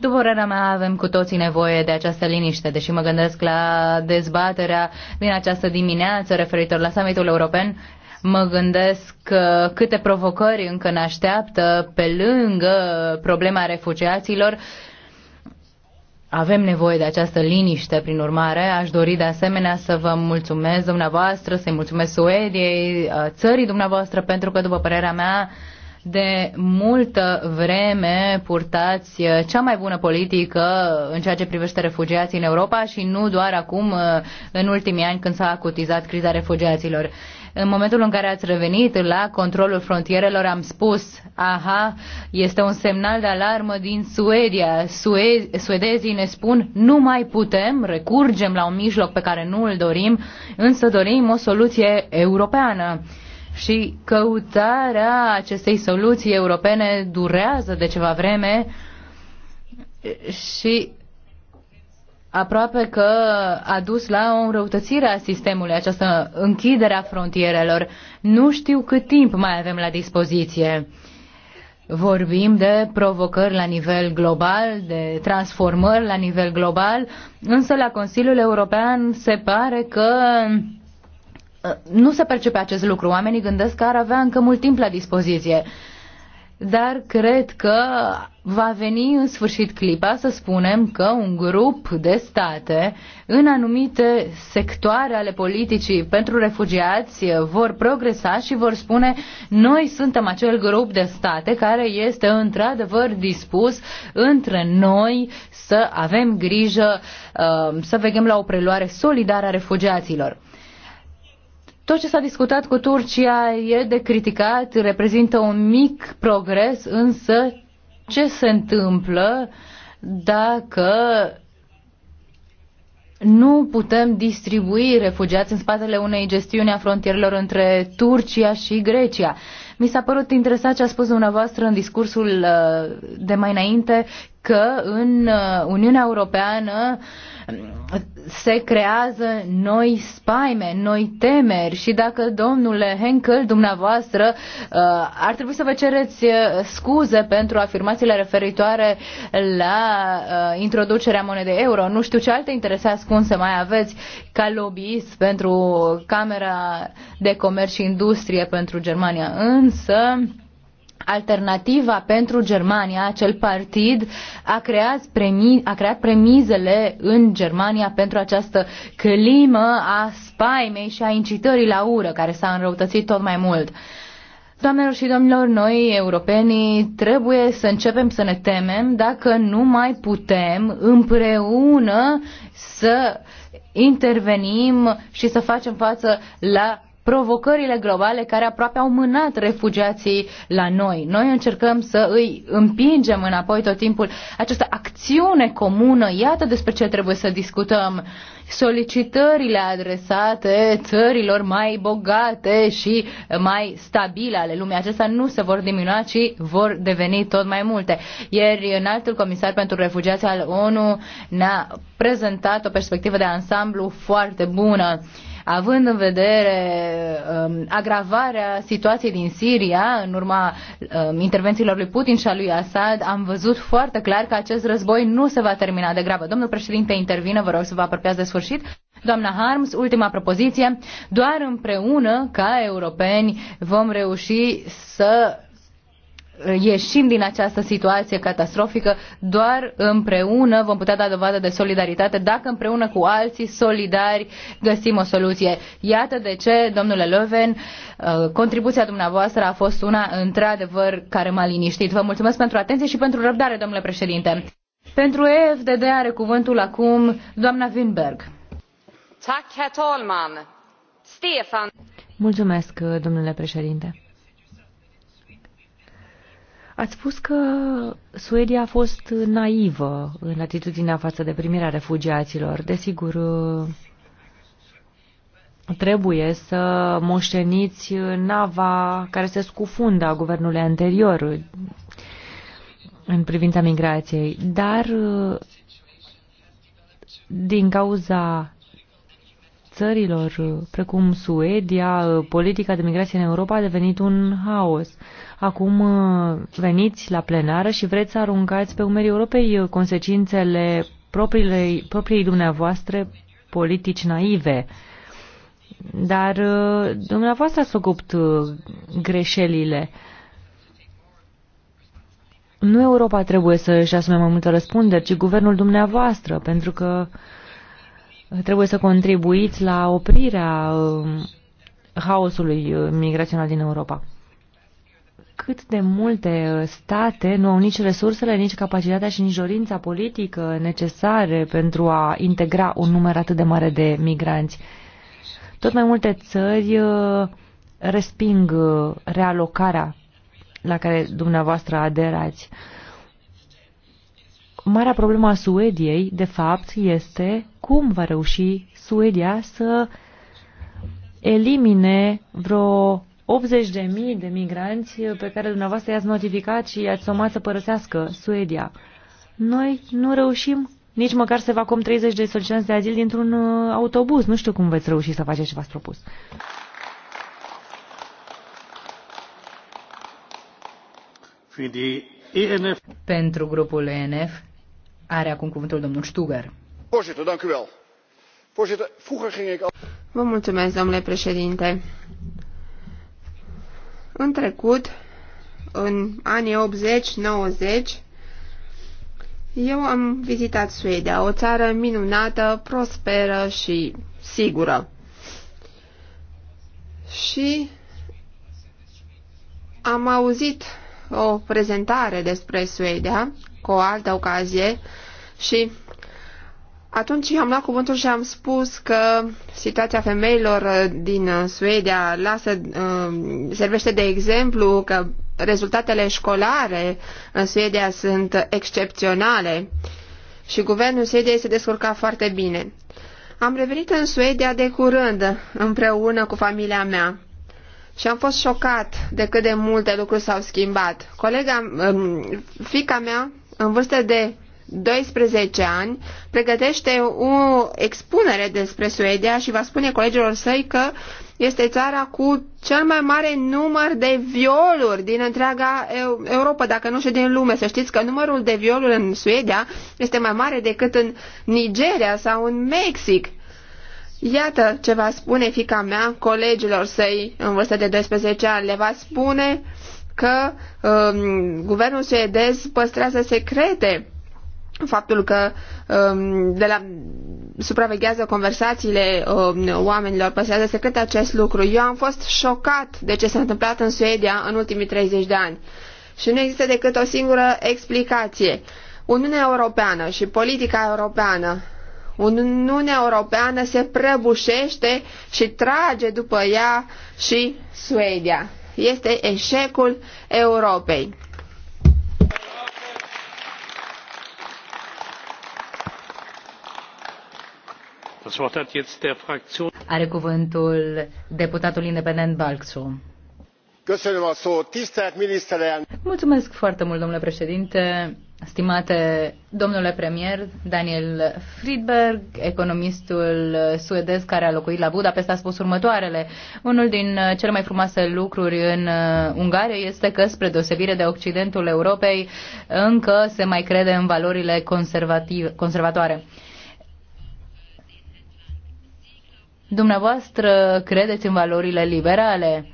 după părerea mea, avem cu toții nevoie de această liniște, deși mă gândesc la dezbaterea din această dimineață referitor la summitul european, mă gândesc uh, câte provocări încă ne așteaptă pe lângă problema refugiaților. Avem nevoie de această liniște, prin urmare. Aș dori de asemenea să vă mulțumesc dumneavoastră, să-i mulțumesc Suediei, uh, țării dumneavoastră, pentru că, după părerea mea, de multă vreme purtați uh, cea mai bună politică în ceea ce privește refugiații în Europa și nu doar acum, în ultimii ani, când s-a acutizat criza refugiaților. În momentul în care ați revenit la controlul frontierelor, am spus, aha, este un semnal de alarmă din Suedia. Sue- suedezii ne spun, nu mai putem, recurgem la un mijloc pe care nu îl dorim, însă dorim o soluție europeană. Și căutarea acestei soluții europene durează de ceva vreme și aproape că a dus la o înrăutățire a sistemului, această închidere a frontierelor. Nu știu cât timp mai avem la dispoziție. Vorbim de provocări la nivel global, de transformări la nivel global, însă la Consiliul European se pare că uh, nu se percepe acest lucru. Oamenii gândesc că ar avea încă mult timp la dispoziție dar cred că va veni în sfârșit clipa să spunem că un grup de state în anumite sectoare ale politicii pentru refugiați vor progresa și vor spune noi suntem acel grup de state care este într-adevăr dispus între noi să avem grijă, uh, să vegem la o preluare solidară a refugiaților. Tot ce s-a discutat cu Turcia e de criticat, reprezintă un mic progres, însă ce se întâmplă dacă nu putem distribui refugiați în spatele unei gestiuni a frontierelor între Turcia și Grecia. Mi s-a părut interesat ce a spus dumneavoastră în discursul uh, de mai înainte că în uh, Uniunea Europeană uh, se creează noi spaime, noi temeri și dacă, domnule Henkel, dumneavoastră, uh, ar trebui să vă cereți uh, scuze pentru afirmațiile referitoare la uh, introducerea monedei euro. Nu știu ce alte interese ascunse mai aveți ca lobbyist pentru Camera de Comerț și Industrie pentru Germania, însă Alternativa pentru Germania, acel partid, a creat, premi- a creat premizele în Germania pentru această climă a spaimei și a incitării la ură, care s-a înrăutățit tot mai mult. Doamnelor și domnilor, noi, europenii, trebuie să începem să ne temem dacă nu mai putem împreună să intervenim și să facem față la provocările globale care aproape au mânat refugiații la noi. Noi încercăm să îi împingem înapoi tot timpul această acțiune comună. Iată despre ce trebuie să discutăm. Solicitările adresate țărilor mai bogate și mai stabile ale lumii acestea nu se vor diminua, ci vor deveni tot mai multe. Ieri, înaltul comisar pentru refugiații al ONU ne-a prezentat o perspectivă de ansamblu foarte bună. Uh, având în vedere um, agravarea situației din Siria în urma um, intervențiilor lui Putin și a lui Assad, am văzut foarte clar că acest război nu se va termina de grabă. Domnul președinte intervine, vă rog să vă apropiați de sfârșit. Doamna Harms, ultima propoziție. Doar împreună, ca europeni, vom reuși să ieșim din această situație catastrofică, doar împreună vom putea da dovadă de solidaritate, dacă împreună cu alții solidari găsim o soluție. Iată de ce, domnule Löwen, uh, contribuția dumneavoastră a fost una într-adevăr care m-a liniștit. Vă mulțumesc pentru atenție și pentru răbdare, domnule președinte. Pentru EFDD are cuvântul acum doamna Winberg. Mulțumesc, domnule președinte. Ați spus că Suedia a fost naivă în atitudinea față de primirea refugiaților. Desigur, uh, trebuie să moșteniți nava care se scufundă a guvernului anterior în privința migrației, dar uh, din cauza țărilor precum Suedia, politica de migrație în Europa a devenit un haos. Acum uh, veniți la plenară și vreți să aruncați pe umerii Europei consecințele propriilei, propriei dumneavoastră politici naive. Dar uh, dumneavoastră ați făcut uh, greșelile. Nu Europa trebuie să-și asume mai multă răspundere, ci guvernul dumneavoastră, pentru că uh, Trebuie să contribuiți la oprirea um, haosului uh, migrațional din Europa. Cât de multe uh, state nu au nici resursele, nici capacitatea și nici dorința politică necesare pentru a integra un număr atât de mare de migranți. Tot mai multe țări uh, resping realocarea la care dumneavoastră aderați. Uh, marea problemă a Suediei, de fapt, este cum va reuși Suedia să elimine vreo 80.000 de migranți pe care dumneavoastră i-ați notificat și i-ați somat să părăsească Suedia. Noi nu reușim nici măcar să evacuăm 30 de solicitanți de azil dintr-un uh, autobuz. Nu știu cum veți reuși să faceți ce v-ați propus. Pentru grupul ENF, are acum cuvântul domnul Stuger. Vă mulțumesc, domnule președinte. În trecut, în anii 80-90, eu am vizitat Suedia, o țară minunată, prosperă și sigură. Și am auzit o prezentare despre Suedia cu o altă ocazie și atunci am luat cuvântul și am spus că situația femeilor din Suedia lasă, uh, servește de exemplu că rezultatele școlare în Suedia sunt excepționale și guvernul Suediei se descurca foarte bine. Am revenit în Suedia de curând, împreună cu familia mea și am fost șocat de cât de multe lucruri s-au schimbat. Colega, um, fica mea, în vârstă de 12 ani, pregătește o expunere despre Suedia și va spune colegilor săi că este țara cu cel mai mare număr de violuri din întreaga Europa, dacă nu și din lume. Să știți că numărul de violuri în Suedia este mai mare decât în Nigeria sau în Mexic. Iată ce va spune fica mea colegilor săi în vârstă de 12 ani. Le va spune că um, guvernul suedez păstrează secrete faptul că um, de la, supraveghează conversațiile um, oamenilor, păstrează secrete acest lucru. Eu am fost șocat de ce s-a întâmplat în Suedia în ultimii 30 de ani. Și nu există decât o singură explicație. Uniunea Europeană și politica europeană Uniunea Europeană se prăbușește și trage după ea și Suedia. Este eșecul Europei. Are cuvântul deputatul independent Balcsu. Mulțumesc foarte mult, domnule președinte. Stimate domnule premier Daniel Friedberg, economistul suedez care a locuit la Budapesta, a spus următoarele. Unul din cele mai frumoase lucruri în uh, Ungaria este că, spre deosebire de Occidentul Europei, încă se mai crede în valorile conservatoare. Dumneavoastră credeți în valorile liberale?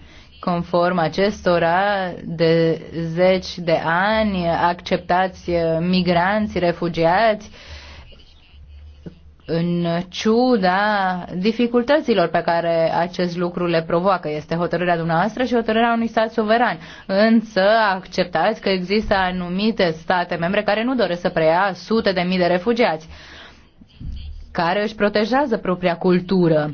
Conform acestora, de zeci de ani acceptați eh, migranți, refugiați, în ciuda dificultăților pe care acest lucru le provoacă. Este hotărârea dumneavoastră și hotărârea unui stat suveran. Însă acceptați că există anumite state membre care nu doresc să preia sute de mii de refugiați, care își protejează propria cultură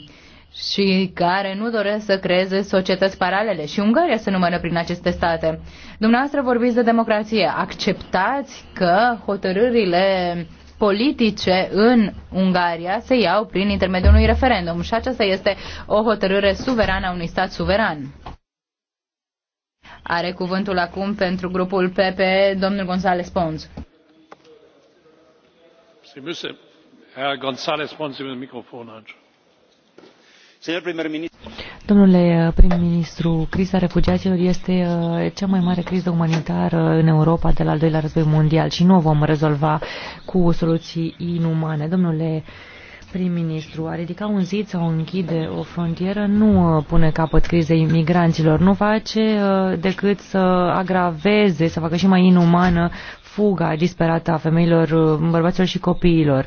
și care nu doresc să creeze societăți paralele. Și Ungaria se numără prin aceste state. Dumneavoastră vorbiți de democrație. Acceptați că hotărârile politice în Ungaria se iau prin intermediul unui referendum și aceasta este o hotărâre suverană a unui stat suveran. Are cuvântul acum pentru grupul PP domnul González Pons. Sie müssen, Herr González Pons, über das Mikrofon anschauen. Domnule eh, prim-ministru, criza refugiaților este eh, cea mai mare criză umanitară în Europa de la al doilea război mondial și nu o vom rezolva cu soluții inumane. Domnule prim-ministru, a ridica un zid sau închide o frontieră nu eh, pune capăt crizei migranților, nu face decât să agraveze, să facă și mai inumană fuga disperată a femeilor, bărbaților și copiilor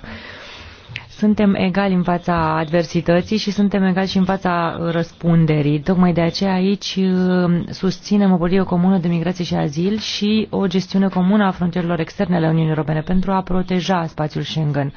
suntem egali în fața adversității și suntem egali și în fața răspunderii. Tocmai de aceea aici uh, susținem o politică comună de migrație și azil și o gestiune comună a frontierelor externe ale Uniunii Europene pentru a proteja spațiul Schengen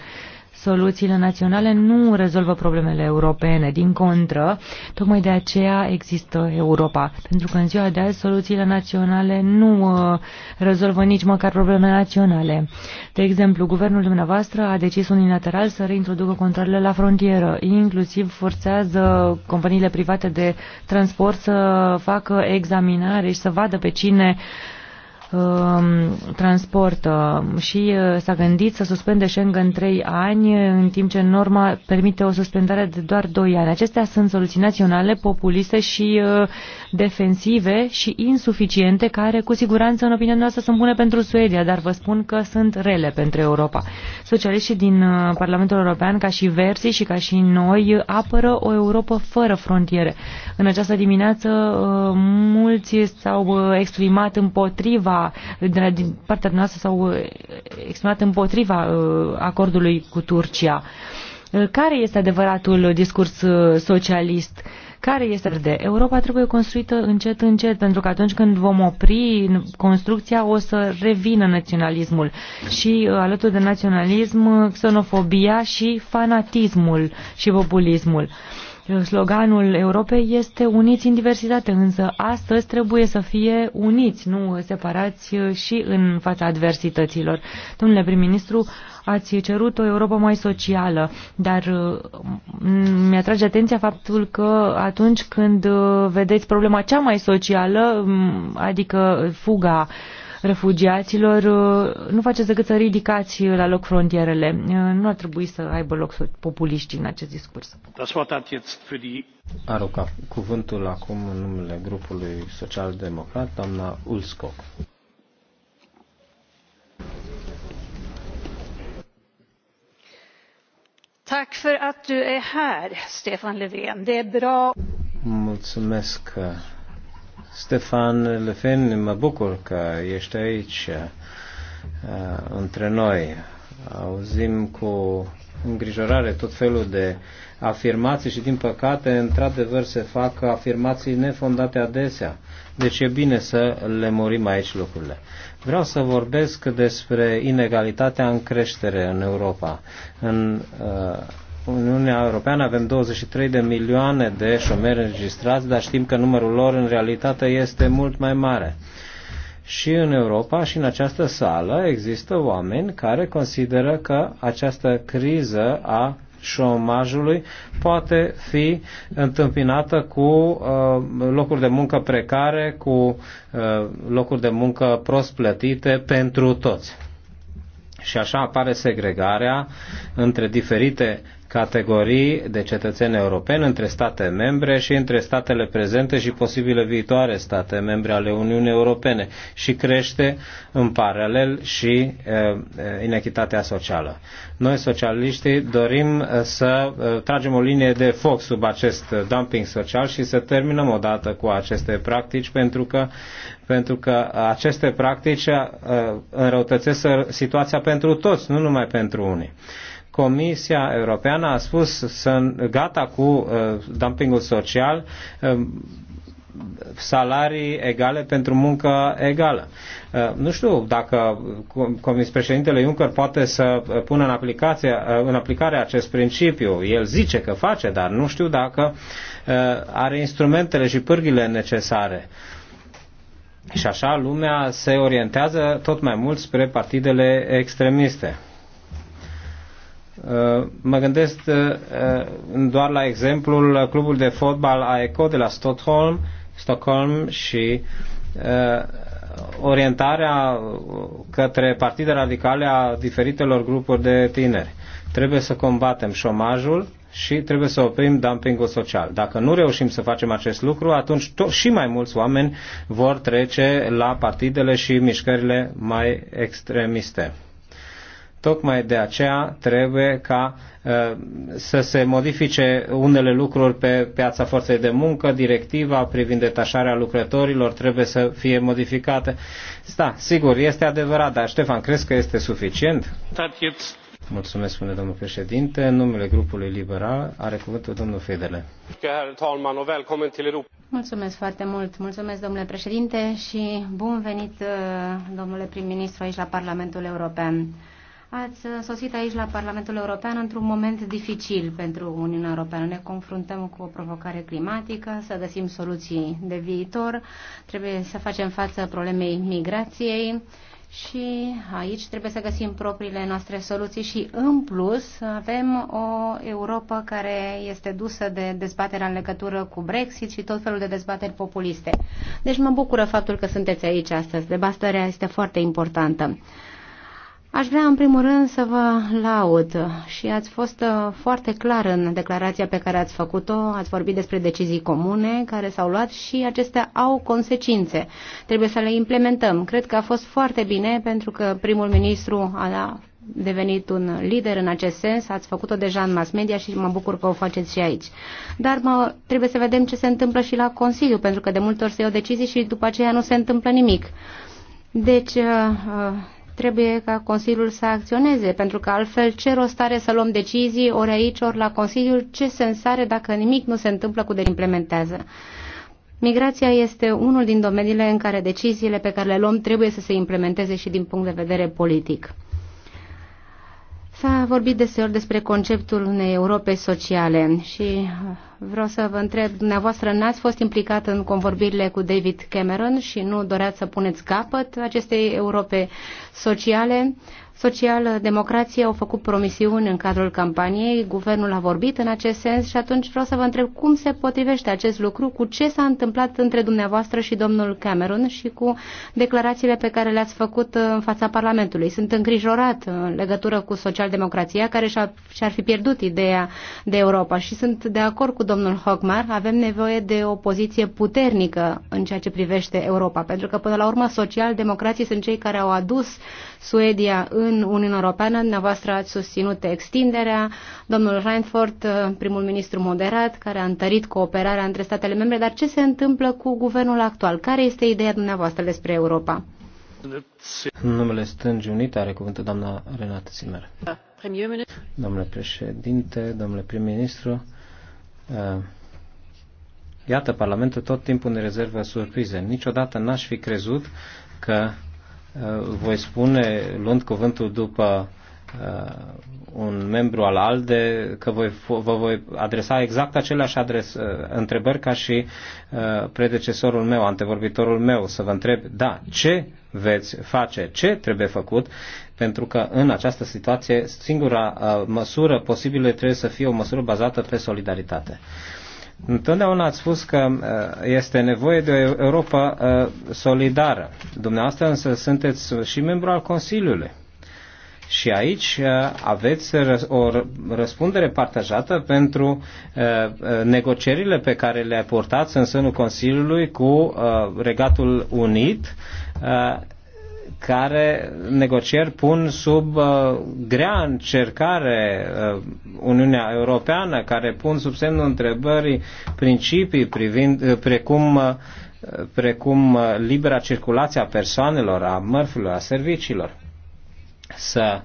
soluțiile naționale nu rezolvă problemele europene. Din contră, tocmai de aceea există Europa. Pentru că în ziua de azi soluțiile naționale nu uh, rezolvă nici măcar probleme naționale. De exemplu, guvernul dumneavoastră a decis unilateral să reintroducă controlele la frontieră. Inclusiv forțează companiile private de transport să facă examinare și să vadă pe cine uh, Um, transportă și uh, s-a gândit să suspende Schengen 3 ani, în timp ce norma permite o suspendare de doar 2 ani. Acestea sunt soluții naționale, populiste și uh, defensive și insuficiente, care cu siguranță, în opinia noastră, sunt bune pentru Suedia, dar vă spun că sunt rele pentru Europa. Socialiștii din uh, Parlamentul European, ca și Versi și ca și noi, apără o Europa fără frontiere. În această dimineață, mulți s-au exprimat împotriva din, din partea noastră s-au uh, exprimat împotriva uh, acordului cu Turcia. Uh, care este adevăratul discurs socialist? Care este de? Europa trebuie construită încet, încet, pentru că atunci când vom opri construcția, o să revină naționalismul. Și alături de naționalism, xenofobia și fanatismul și populismul. Sloganul Europei este uniți în diversitate, însă astăzi trebuie să fie uniți, nu separați și în fața adversităților. Domnule prim-ministru, ați cerut o Europa mai socială, dar mm, mi-atrage atenția faptul că atunci când vedeți problema cea mai socială, mm, adică fuga refugiaților, uh, nu faceți decât să ridicați la loc frontierele. Uh, nu ar trebui să aibă loc populiștii în acest discurs. Aruca cuvântul acum în numele grupului social-democrat, doamna Ulskog. Tack för att du är här, Stefan Löfven. Det är bra. Mulțumesc, Stefan Lefen, mă bucur că ești aici uh, între noi. Auzim cu îngrijorare tot felul de afirmații și, din păcate, într-adevăr se fac afirmații nefondate adesea. Deci e bine să le murim aici lucrurile. Vreau să vorbesc despre inegalitatea în creștere în Europa. În uh, Uniunea Europeană avem 23 de milioane de șomeri înregistrați, dar știm că numărul lor în realitate este mult mai mare. Și în Europa și în această sală există oameni care consideră că această criză a șomajului poate fi întâmpinată cu uh, locuri de muncă precare, cu uh, locuri de muncă prost plătite pentru toți. Și așa apare segregarea între diferite categorii de cetățeni europeni între state membre și între statele prezente și posibile viitoare state membre ale Uniunii Europene și crește în paralel și inechitatea socială. Noi, socialiștii, dorim să tragem o linie de foc sub acest dumping social și să terminăm odată cu aceste practici pentru că, pentru că aceste practici înrăutățesc situația pentru toți, nu numai pentru unii. Comisia Europeană a spus să gata cu uh, dumpingul social, uh, salarii egale pentru muncă egală. Uh, nu știu dacă comis președintele Juncker poate să uh, pună în, aplicație, uh, în aplicare acest principiu. El zice că face, dar nu știu dacă uh, are instrumentele și pârghile necesare. Și așa lumea se orientează tot mai mult spre partidele extremiste. Uh, mă gândesc uh, uh, doar la exemplul clubului de fotbal AECO de la Stockholm, Stockholm și orientarea către partide radicale a diferitelor grupuri de tineri. Trebuie să combatem șomajul și trebuie să oprim dumpingul social. Dacă nu reușim să facem acest lucru, atunci to- și mai mulți oameni vor trece la partidele și mișcările mai extremiste. Tocmai de aceea trebuie ca uh, să se modifice unele lucruri pe piața forței de muncă, directiva privind detașarea lucrătorilor trebuie să fie modificată. Da, sigur, este adevărat, dar Ștefan, crezi că este suficient? Mulțumesc, spune domnul președinte. În numele grupului liberal are cuvântul domnul Fedele. Mulțumesc foarte mult. Mulțumesc, domnule președinte, și bun venit, uh, domnule prim-ministru, aici la Parlamentul European. Ați sosit aici la Parlamentul European într-un moment dificil pentru Uniunea Europeană. Ne confruntăm cu o provocare climatică, să găsim soluții de viitor, trebuie să facem față problemei migrației și aici trebuie să găsim propriile noastre soluții și în plus avem o Europa care este dusă de dezbaterea în legătură cu Brexit și tot felul de dezbateri populiste. Deci mă bucură faptul că sunteți aici astăzi. Debastarea este foarte importantă. Aș vrea în primul rând să vă laud și ați fost uh, foarte clar în declarația pe care ați făcut-o, ați vorbit despre decizii comune care s-au luat și acestea au consecințe. Trebuie să le implementăm. Cred că a fost foarte bine pentru că primul ministru a devenit un lider în acest sens, ați făcut-o deja în mass media și mă bucur că o faceți și aici. Dar mă, trebuie să vedem ce se întâmplă și la Consiliu, pentru că de multe ori se iau decizii și după aceea nu se întâmplă nimic. Deci, uh, uh, trebuie ca Consiliul să acționeze, pentru că altfel ce rost are să luăm decizii ori aici, ori la Consiliul, ce sens are dacă nimic nu se întâmplă cu de implementează. Migrația este unul din domeniile în care deciziile pe care le luăm trebuie să se implementeze și din punct de vedere politic. S-a vorbit deseori despre conceptul unei Europe sociale și Vreau să vă întreb, dumneavoastră n-ați fost implicat în convorbirile cu David Cameron și nu doreați să puneți capăt acestei Europe sociale? social democrație au făcut promisiuni în cadrul campaniei, guvernul a vorbit în acest sens și atunci vreau să vă întreb cum se potrivește acest lucru, cu ce s-a întâmplat între dumneavoastră și domnul Cameron și cu declarațiile pe care le-ați făcut în fața Parlamentului. Sunt îngrijorat în legătură cu social-democrația care și-ar fi pierdut ideea de Europa și sunt de acord cu domnul Hogmar. avem nevoie de o poziție puternică în ceea ce privește Europa, pentru că până la urmă social-democrații sunt cei care au adus Suedia în Uniunea Europeană. Dumneavoastră ați susținut extinderea. Domnul Reinfort, uh, primul ministru moderat, care a întărit cooperarea între statele membre. Dar ce se întâmplă cu guvernul actual? Care este ideea dumneavoastră despre Europa? În numele Stângii Unite are cuvântul doamna Renată Zimmer. Domnule președinte, domnule prim-ministru, uh, Iată, Parlamentul tot timpul ne rezervă surprize. Niciodată n-aș fi crezut că Uh, voi spune, luând cuvântul după uh, un membru al ALDE, că voi, vă voi adresa exact aceleași adres, uh, întrebări ca și predecesorul meu, antevorbitorul meu, să vă întreb, da, ce veți face, ce trebuie făcut, pentru că în această situație singura măsură posibilă trebuie să fie o măsură bazată pe solidaritate. Întotdeauna ați spus că uh, este nevoie de o Europa uh, solidară. Dumneavoastră însă sunteți și membru al Consiliului. Și aici uh, aveți o răspundere partajată pentru negocierile pe care le-a purtat în sânul Consiliului cu Regatul Unit care negocieri pun sub uh, grea încercare uh, Uniunea Europeană, care pun sub semnul întrebării principii privind, uh, precum, uh, precum uh, libera circulație a persoanelor, a mărfurilor, a serviciilor. Să uh,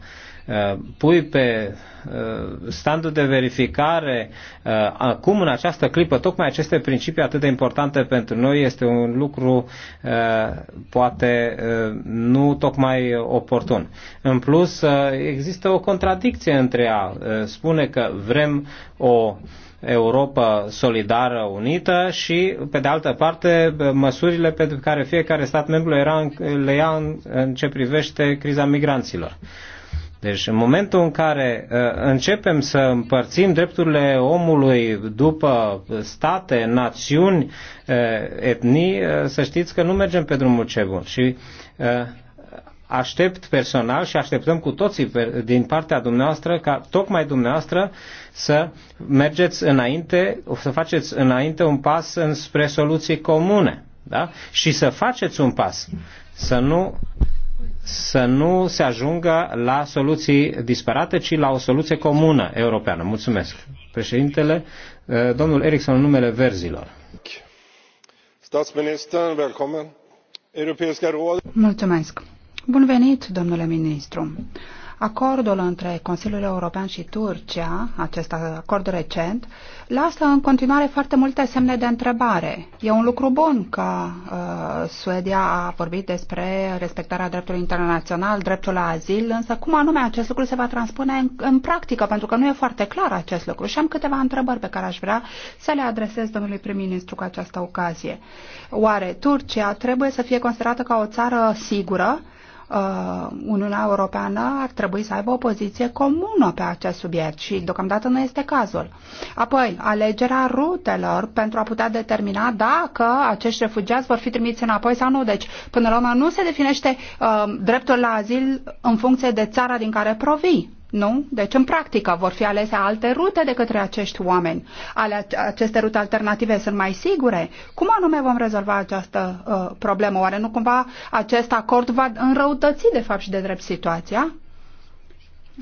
Uh, pui pe uh, standul de verificare uh, acum în această clipă tocmai aceste principii atât de importante pentru noi este un lucru poate nu tocmai oportun. În plus există o contradicție între a spune că vrem o Europa solidară unită și, pe de altă parte, măsurile pe care fiecare stat membru le ia în, în ce privește criza migranților. Uh, deci în momentul în care uh, începem să împărțim drepturile omului după state, națiuni, uh, etnii, uh, să știți că nu mergem pe drumul ce bun. Și aștept personal și așteptăm cu toții din partea dumneavoastră ca tocmai dumneavoastră să mergeți înainte, să faceți înainte un pas spre soluții comune. Da? Și să faceți un pas. Să nu să nu se ajungă la soluții disparate, ci la o soluție comună europeană. Mulțumesc. Președintele, uh, domnul Ericsson, în numele verzilor. Mulțumesc. Bun venit, domnule ministru. Acordul între Consiliul European și Turcia, acest acord recent, lasă în continuare foarte multe semne de întrebare. E un lucru bun că uh, Suedia a vorbit despre respectarea dreptului internațional, dreptul la azil, însă cum anume acest lucru se va transpune în, în practică, pentru că nu e foarte clar acest lucru. Și am câteva întrebări pe care aș vrea să le adresez domnului prim-ministru cu această ocazie. Oare Turcia trebuie să fie considerată ca o țară sigură? Uh, Uniunea Europeană ar trebui să aibă o poziție comună pe acest subiect și deocamdată nu este cazul. Apoi, alegerea rutelor pentru a putea determina dacă acești refugiați vor fi trimiți înapoi sau nu. Deci, până la urmă, nu se definește uh, dreptul la azil în funcție de țara din care provii. Nu? Deci, în practică, vor fi alese alte rute de către acești oameni. Ale, aceste rute alternative sunt mai sigure. Cum anume vom rezolva această uh, problemă? Oare nu cumva acest acord va înrăutăți, de fapt, și de drept situația?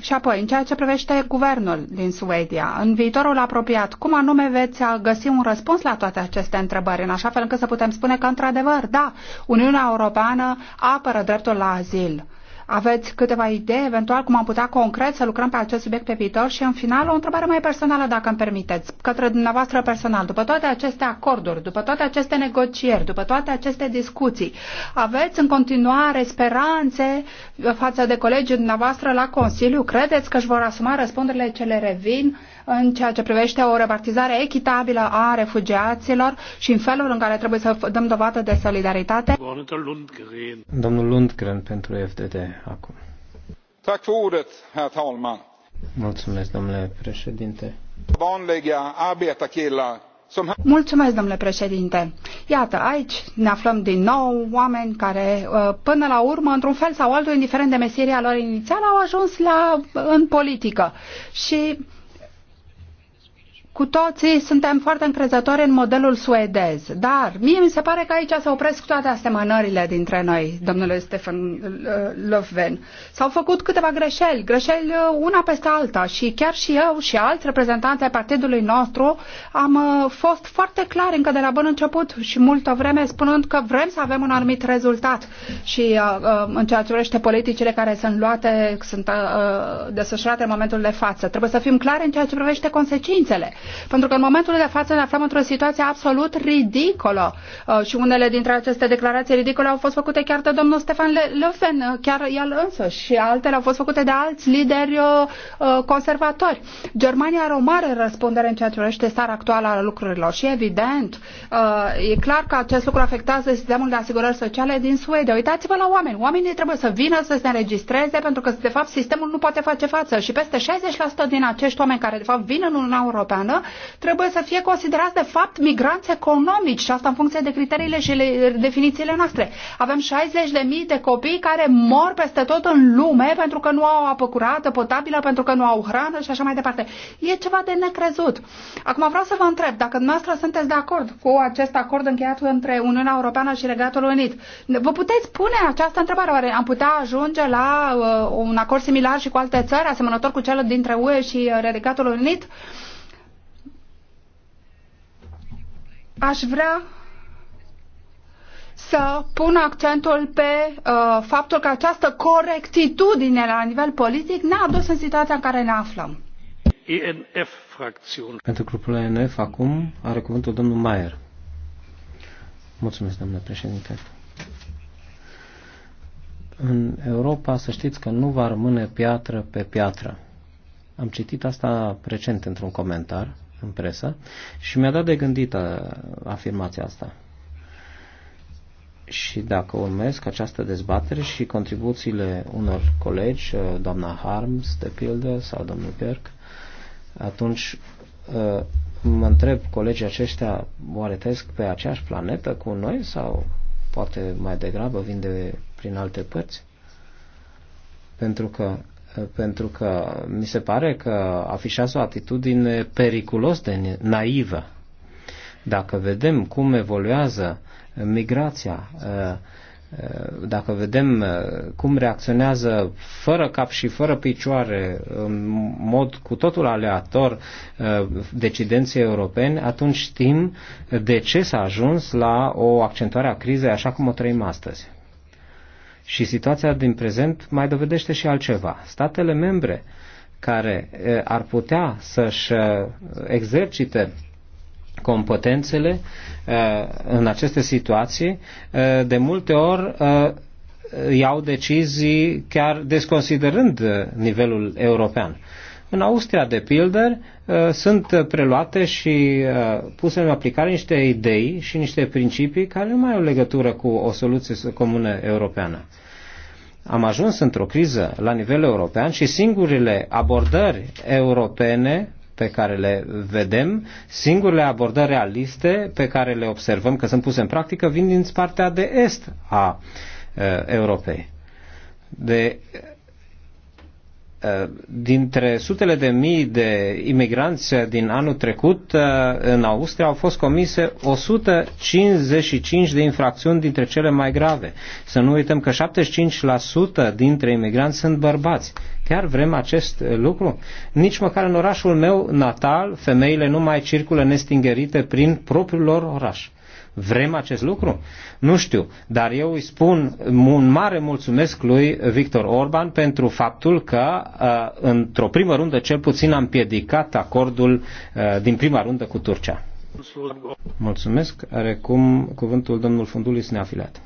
Și apoi, în ceea ce privește guvernul din Suedia, în viitorul apropiat, cum anume veți uh, găsi un răspuns la toate aceste întrebări, în așa fel încât să putem spune că, într-adevăr, da, Uniunea Europeană apără dreptul la azil aveți câteva idei, eventual, cum am putea concret să lucrăm pe acest subiect pe viitor? Și, în final, o întrebare mai personală, dacă îmi permiteți, către dumneavoastră personal. După toate aceste acorduri, după toate aceste negocieri, după toate aceste discuții, aveți în continuare speranțe față de colegii dumneavoastră la Consiliu? Credeți că își vor asuma răspunderile ce le revin în ceea ce privește o repartizare echitabilă a refugiaților și în felul în care trebuie să dăm dovadă de solidaritate? Domnul Lundgren pentru FDD acum. Mulțumesc, domnule președinte. Mulțumesc, domnule președinte. Iată, aici ne aflăm din nou oameni care, uh, până la urmă, într-un fel sau altul, indiferent de meseria lor inițială, au ajuns la, în politică. Și cu toții suntem foarte încrezători în modelul suedez, dar mie mi se pare că aici se opresc toate asemănările dintre noi, domnule Stefan uh, Löfven. S-au făcut câteva greșeli, greșeli uh, una peste alta și chiar și eu și alți reprezentanți ai partidului nostru am uh, fost foarte clari încă de la bun început și multă vreme spunând că vrem să avem un anumit rezultat și în ceea ce privește politicile care sunt luate, sunt desfășurate în momentul de față. Trebuie să fim clari în ceea ce privește consecințele. Pentru că în momentul de față ne aflăm într-o situație absolut ridicolă uh, și unele dintre aceste declarații ridicole au fost făcute chiar de domnul Stefan Löfven, uh, chiar el însă. și altele au fost făcute de alți lideri uh, conservatori. Germania are o mare răspundere în ceea ce privește starea actuală a lucrurilor și evident, e clar că acest lucru afectează sistemul de asigurări sociale din Suedia. Uitați-vă la oameni. Oamenii trebuie să vină să se înregistreze pentru că, de fapt, sistemul nu poate face față și peste 60% din acești oameni care, de fapt, vin în Uniunea Europeană trebuie să fie considerați de fapt migranți economici și asta în funcție de criteriile și definițiile noastre. Avem 60.000 de copii care mor peste tot în lume pentru că nu au apă curată, potabilă, pentru că nu au hrană și așa mai departe. E ceva de necrezut. Acum vreau să vă întreb dacă dumneavoastră sunteți de acord cu acest acord încheiat între Uniunea Europeană și Regatul Unit. Vă puteți pune această întrebare? Oare am putea ajunge la uh, un acord similar și cu alte țări, asemănător cu cel dintre UE și Regatul Unit? Uh, Aș vrea să pun accentul pe uh, faptul că această corectitudine la nivel politic ne-a adus în situația în care ne aflăm. ENF fracțiune. Pentru grupul ENF acum are cuvântul domnul Maier. Mulțumesc, domnule președinte. În Europa să știți că nu va rămâne piatră pe piatră. Am citit asta recent într-un comentar în presă și mi-a dat de gândit uh, afirmația asta. Și dacă urmesc această dezbatere și contribuțiile unor colegi, uh, doamna Harms, de pildă, sau domnul Pierc, atunci uh, mă întreb colegii aceștia oare trăiesc pe aceeași planetă cu noi sau poate mai degrabă vin de prin alte părți? Pentru că pentru că mi se pare că afișează o atitudine periculos de naivă. Dacă vedem cum evoluează uh, migrația, uh, uh, dacă vedem cum reacționează fără cap și fără picioare, în mod cu totul aleator, decidenții europeni, atunci știm de ce s-a ajuns la o accentuare a crizei așa cum o trăim astăzi. Și situația din prezent mai dovedește și altceva. Statele membre care ar putea să-și exercite competențele în aceste situații, de multe ori iau decizii chiar desconsiderând nivelul european. În Austria, de pildă, Uh, sunt preluate și uh, puse în aplicare niște idei și niște principii care nu mai au legătură cu o soluție comună europeană. Am ajuns într-o criză la nivel european și singurele abordări europene pe care le vedem, singurele abordări realiste pe care le observăm că sunt puse în practică vin din partea de est a uh, Europei. De Eh, dintre sutele de mii de imigranți din anul trecut eh, în Austria au fost comise 155 de infracțiuni dintre cele mai grave. Să nu uităm că 75% dintre imigranți sunt bărbați. Chiar vrem acest lucru? Nici măcar în orașul meu natal, femeile nu mai circulă nestingerite prin propriul lor oraș. Vrem acest lucru? Nu știu, dar eu îi spun un mare mulțumesc lui Victor Orban pentru faptul că uh, într-o primă rundă cel puțin am piedicat acordul uh, din prima rundă cu Turcia. Mulțumesc. Are cum cuvântul domnul Fundulis neafilat.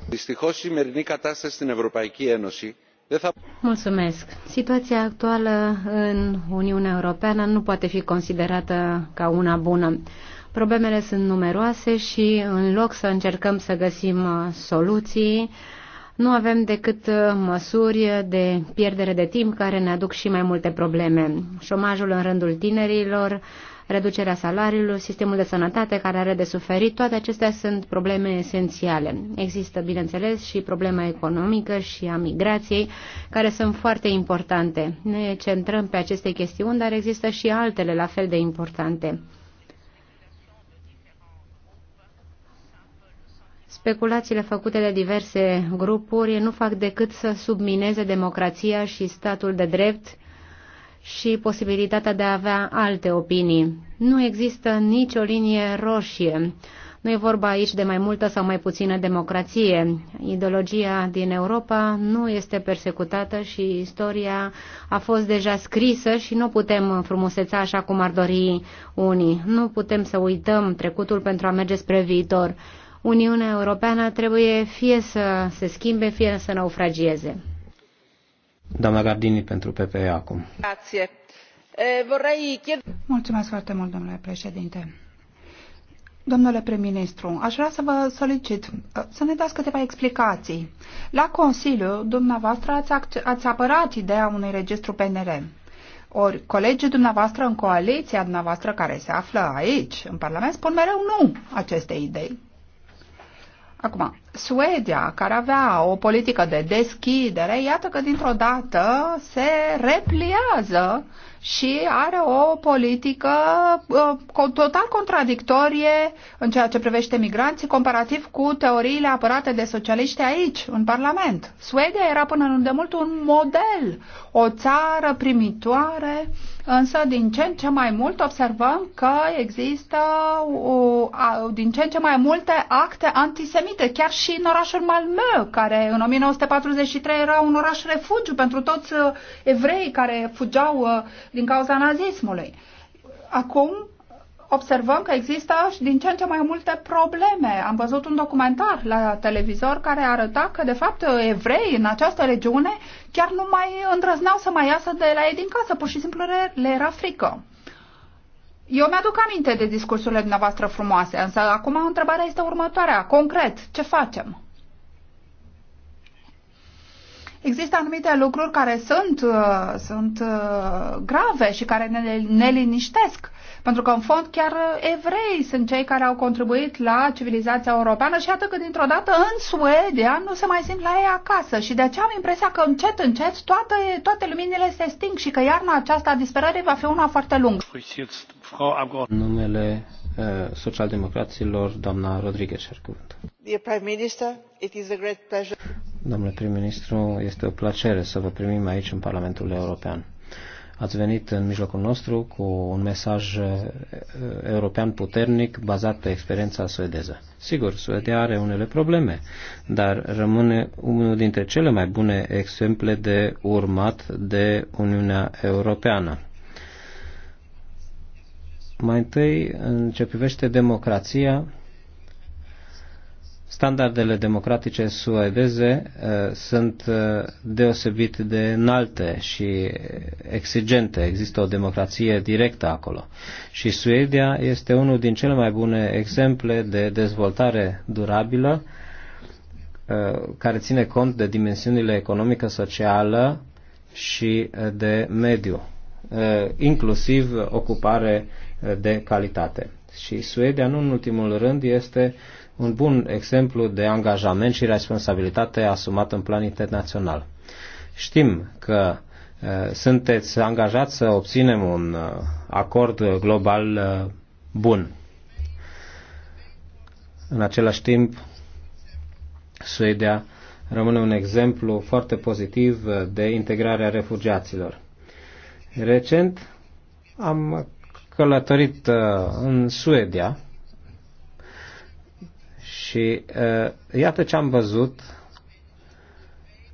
Mulțumesc. Situația actuală în Uniunea Europeană nu poate fi considerată ca una bună. Problemele sunt numeroase și în loc să încercăm să găsim uh, soluții, nu avem decât uh, măsuri de pierdere de timp care ne aduc și mai multe probleme. Șomajul în rândul tinerilor, reducerea salariilor, sistemul de sănătate care are de suferit, toate acestea sunt probleme esențiale. Există, bineînțeles, și problema economică și a migrației, care sunt foarte importante. Ne centrăm pe aceste chestiuni, dar există și altele la fel de importante. Speculațiile făcute de diverse grupuri nu fac decât să submineze democrația și statul de drept și posibilitatea de a avea alte opinii. Nu există nicio linie roșie. Nu e vorba aici de mai multă sau mai puțină democrație. Ideologia din Europa nu este persecutată și istoria a fost deja scrisă și nu putem frumuseța așa cum ar dori unii. Nu putem să uităm trecutul pentru a merge spre viitor. Uniunea Europeană trebuie fie să se schimbe, fie să naufragieze. Doamna Gardini pentru PPE acum. Grazie. Mulțumesc foarte mult, domnule președinte. Domnule prim-ministru, aș vrea să vă solicit ă, să ne dați câteva explicații. La Consiliu, dumneavoastră ați, ați apărat ideea unui registru PNR. Ori colegii dumneavoastră în coaliția dumneavoastră care se află aici, în Parlament, spun mereu nu aceste idei. Acum, Suedia, care avea o politică de deschidere, iată că dintr-o dată se repliază și are o politică uh, total contradictorie în ceea ce privește migranții, comparativ cu teoriile apărate de socialiști aici, în Parlament. Suedia era până în demult un model, o țară primitoare Însă, din ce în ce mai mult observăm că există o, a, din ce în ce mai multe acte antisemite, chiar și în orașul Malmö, care în 1943 era un oraș refugiu pentru toți uh, evrei care fugeau uh, din cauza nazismului. Acum observăm că există și din ce în ce mai multe probleme. Am văzut un documentar la televizor care arăta că, de fapt, evrei în această regiune chiar nu mai îndrăzneau să mai iasă de la ei din casă, pur și simplu le, era frică. Eu mi-aduc aminte de discursurile dumneavoastră frumoase, însă acum întrebarea este următoarea. Concret, ce facem? Există anumite lucruri care sunt, uh, sunt uh, grave și care ne, ne liniștesc. Pentru că, în fond, chiar uh, evrei sunt cei care au contribuit la civilizația europeană și atât că, dintr-o dată, în Suedia nu se mai simt la ei acasă. Și de aceea am impresia că, încet, încet, toate, toate luminile se sting și că iarna aceasta a disperării va fi una foarte lungă. Numele uh, socialdemocraților, doamna Rodriguez, și cuvânt. Domnule prim-ministru, este o plăcere să vă primim aici în Parlamentul European. Ați venit în mijlocul nostru cu un mesaj eh, european puternic bazat pe experiența suedeză. Sigur, Suedia are unele probleme, dar rămâne unul dintre cele mai bune exemple de urmat de Uniunea Europeană. Mai întâi, în ce privește democrația, standardele democratice suedeze uh, sunt uh, deosebit de înalte și exigente. Există o democrație directă acolo. Și Suedia este unul din cele mai bune exemple de dezvoltare durabilă uh, care ține cont de dimensiunile economică, socială și uh, de mediu, uh, inclusiv ocupare de calitate. Și Suedia, nu în ultimul rând, este un bun exemplu de angajament și responsabilitate asumat în plan internațional. Știm că uh, sunteți angajați să obținem un uh, acord global uh, bun. În același timp, Suedia rămâne un exemplu foarte pozitiv de integrare a refugiaților. Recent am călătorit în Suedia și uh, iată ce am văzut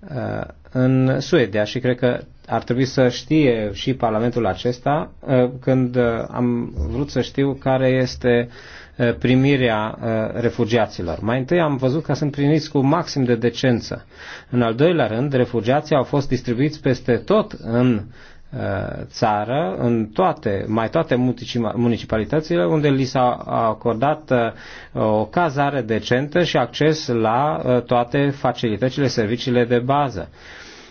uh, în Suedia și cred că ar trebui să știe și Parlamentul acesta uh, când uh, am vrut să știu care este uh, primirea uh, refugiaților. Mai întâi am văzut că sunt primiți cu maxim de decență. În al doilea rând, refugiații au fost distribuiți peste tot în Uh, țară, în toate, mai toate municipalitățile unde li s-a acordat uh, o cazare decentă și acces la uh, toate facilitățile, serviciile de bază.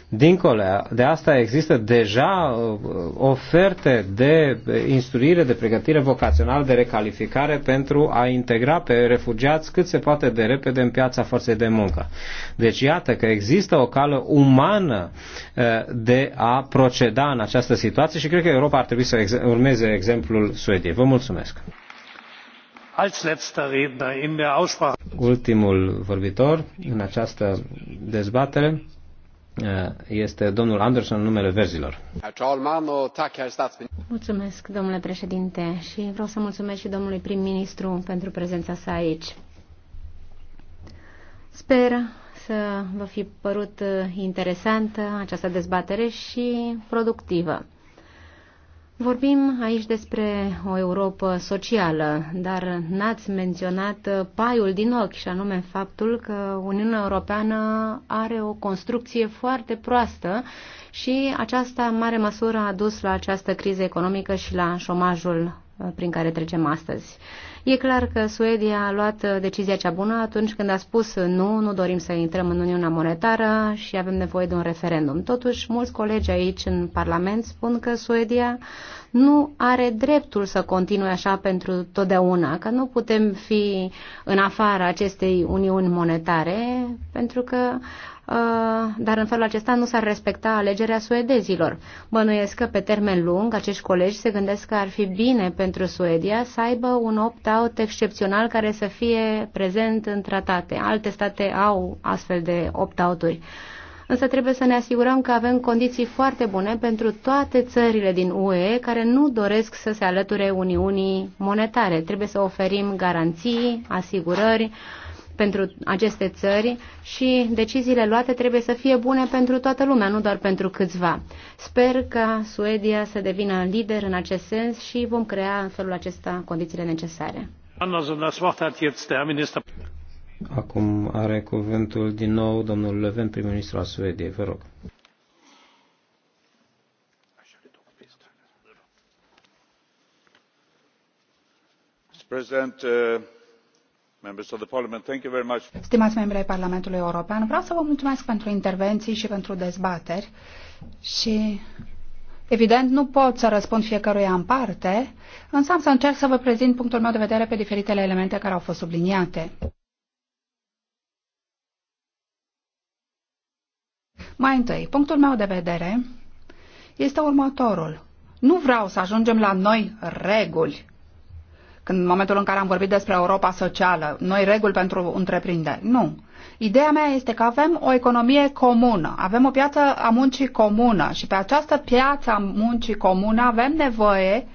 Dincolo de asta există deja uh, oferte de instruire, de pregătire vocațională, de recalificare pentru a integra pe refugiați cât se poate de repede în piața forței de muncă. Deci iată că există o cală umană uh, de a proceda în această situație și cred că Europa ar trebui să urmeze exemplul Suediei. Vă mulțumesc! Ultimul vorbitor în această dezbatere Eh, este domnul Anderson în numele verzilor. Mulțumesc, domnule președinte, și vreau să mulțumesc și domnului prim-ministru pentru prezența sa aici. Sper să vă fi părut interesantă această dezbatere și productivă. Vorbim aici despre o Europa socială, dar n-ați menționat paiul din ochi, și anume faptul că Uniunea Europeană are o construcție foarte proastă și aceasta, în mare măsură, a dus la această criză economică și la șomajul uh, prin care trecem astăzi. E clar că Suedia a luat uh, decizia cea bună atunci când a spus uh, nu, nu dorim să intrăm în Uniunea Monetară și avem nevoie de un referendum. Totuși, mulți colegi aici în Parlament spun că Suedia nu are dreptul să continue așa pentru totdeauna, că nu putem fi în afara acestei Uniuni Monetare, pentru că Uh, dar în felul acesta nu s-ar respecta alegerea suedezilor. Bănuiesc că pe termen lung acești colegi se gândesc că ar fi bine pentru Suedia să aibă un opt-out excepțional care să fie prezent în tratate. Alte state au astfel de opt-out-uri. Însă trebuie să ne asigurăm că avem condiții foarte bune pentru toate țările din UE care nu doresc să se alăture Uniunii Monetare. Trebuie să oferim garanții, asigurări, uh, pentru aceste țări și deciziile luate trebuie să fie bune pentru toată lumea, nu doar pentru câțiva. Sper ca Suedia să devină lider în acest sens și vom crea în felul acesta condițiile necesare. Acum are cuvântul din nou domnul Leven, prim-ministru al Suediei. Vă rog. President, uh... Stimați membri ai Parlamentului European, vreau să vă mulțumesc pentru intervenții și pentru dezbateri și Evident, nu pot să răspund fiecăruia în parte, însă am să încerc să vă prezint punctul meu de vedere pe diferitele elemente care au fost subliniate. Mai întâi, punctul meu de vedere este următorul. Nu vreau să ajungem la noi reguli când, în momentul în care am vorbit despre Europa socială, noi reguli pentru întreprinderi. Nu. Ideea mea este că avem o economie comună, avem o piață a muncii comună și pe această piață a muncii comună avem nevoie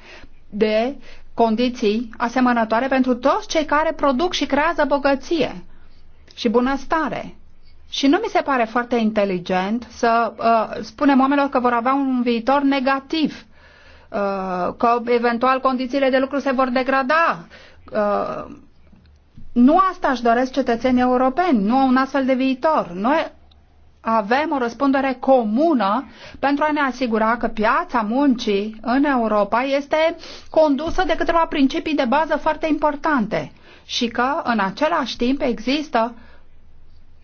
de condiții asemănătoare pentru toți cei care produc și creează bogăție și bunăstare. Și nu mi se pare foarte inteligent să uh, spunem oamenilor că vor avea un viitor negativ Uh, că eventual condițiile de lucru se vor degrada. Uh, nu asta își doresc cetățenii europeni, nu un astfel de viitor. Noi avem o răspundere comună pentru a ne asigura că piața muncii în Europa este condusă de câteva principii de bază foarte importante și că în același timp există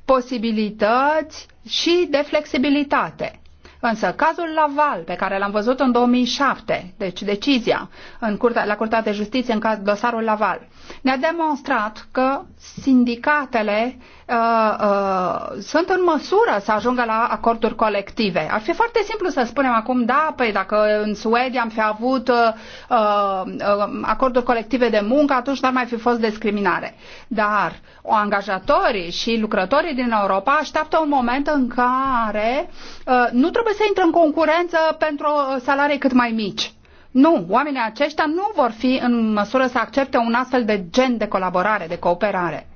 posibilități și de flexibilitate. Însă cazul Laval, pe care l-am văzut în 2007, deci decizia în curtea, la Curtea de Justiție în caz dosarul Laval, ne-a demonstrat că sindicatele uh, uh, sunt în măsură să ajungă la acorduri colective. Ar fi foarte simplu să spunem acum, da, păi dacă în Suedia am fi avut uh, uh, uh acorduri colective de muncă, atunci n-ar mai fi fost discriminare. Dar o angajatorii și lucrătorii din Europa așteaptă un moment în care uh, nu trebuie trebuie să intre în concurență pentru uh, salarii cât mai mici. Nu, oamenii aceștia nu vor fi în măsură să accepte un astfel de gen de colaborare, de cooperare.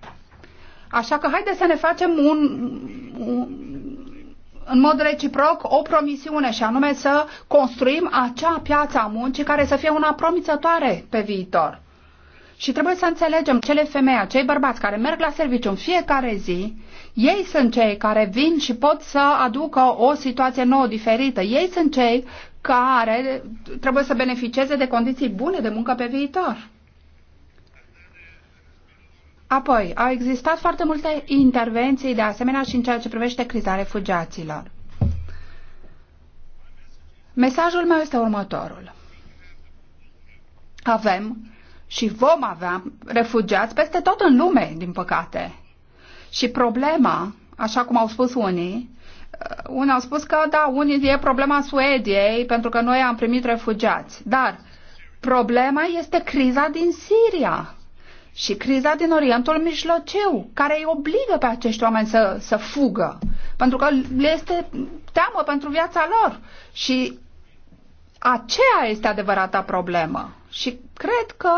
Așa că haideți să ne facem un, un, în mod reciproc o promisiune și anume să construim acea piață a muncii care să fie una promițătoare pe viitor. Și trebuie să înțelegem cele femei, cei bărbați care merg la serviciu în fiecare zi, ei sunt cei care vin și pot să aducă o situație nouă, diferită. Ei sunt cei care trebuie să beneficieze de condiții bune de muncă pe viitor. Apoi, au existat foarte multe intervenții, de asemenea, și în ceea ce privește criza refugiaților. Mesajul meu este următorul. Avem și vom avea refugiați peste tot în lume, din păcate. Și problema, așa cum au spus unii, uh, unii au spus că, da, unii e problema Suediei, pentru că noi am primit refugiați. Dar problema este criza din Siria și criza din Orientul Mijlociu, care îi obligă pe acești oameni să, să fugă, pentru că le este teamă pentru viața lor. Și aceea este adevărata problemă. Și cred că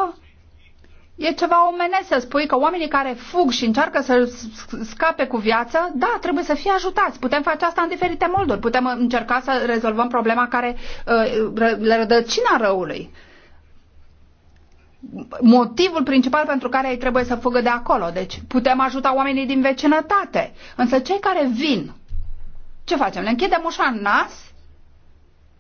E ceva omenesc să spui că oamenii care fug și încearcă să scape cu viață, da, trebuie să fie ajutați. Putem face asta în diferite moduri. Putem încerca să rezolvăm problema care uh, le rădăcina răului. Motivul principal pentru care ei trebuie să fugă de acolo. Deci putem ajuta oamenii din vecinătate. Însă cei care vin, ce facem? Le închidem ușa în nas?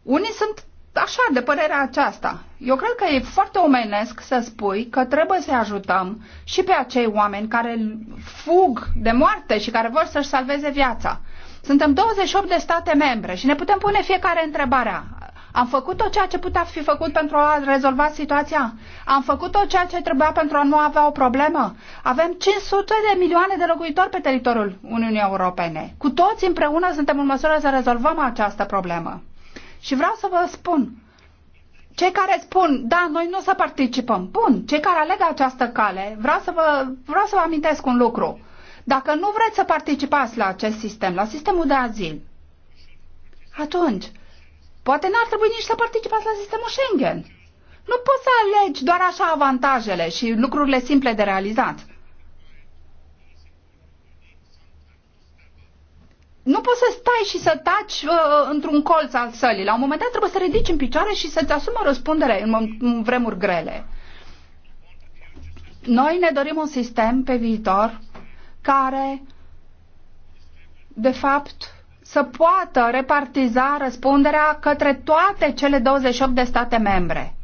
Unii sunt așa, de părerea aceasta. Eu cred că e foarte omenesc să spui că trebuie să ajutăm și pe acei oameni care fug de moarte și care vor să-și salveze viața. Suntem 28 de state membre și ne putem pune fiecare întrebarea. Am făcut tot ceea ce putea fi făcut pentru a rezolva situația? Am făcut tot ceea ce trebuia pentru a nu avea o problemă? Avem 500 de milioane de locuitori pe teritoriul Uniunii Europene. Cu toți împreună suntem în măsură să rezolvăm această problemă. Și vreau să vă spun, cei care spun, da, noi nu o să participăm, bun, cei care aleg această cale, vreau să vă, vreau să vă amintesc un lucru. Dacă nu vreți să participați la acest sistem, la sistemul de azil, atunci, poate n-ar trebui nici să participați la sistemul Schengen. Nu poți să alegi doar așa avantajele și lucrurile simple de realizat. nu poți să stai și să taci uh, într-un colț al sălii. La un moment dat trebuie să ridici în picioare și să-ți asumi răspundere în, în vremuri grele. Noi ne dorim un sistem pe viitor care, de fapt, să poată repartiza răspunderea către toate cele 28 de state membre.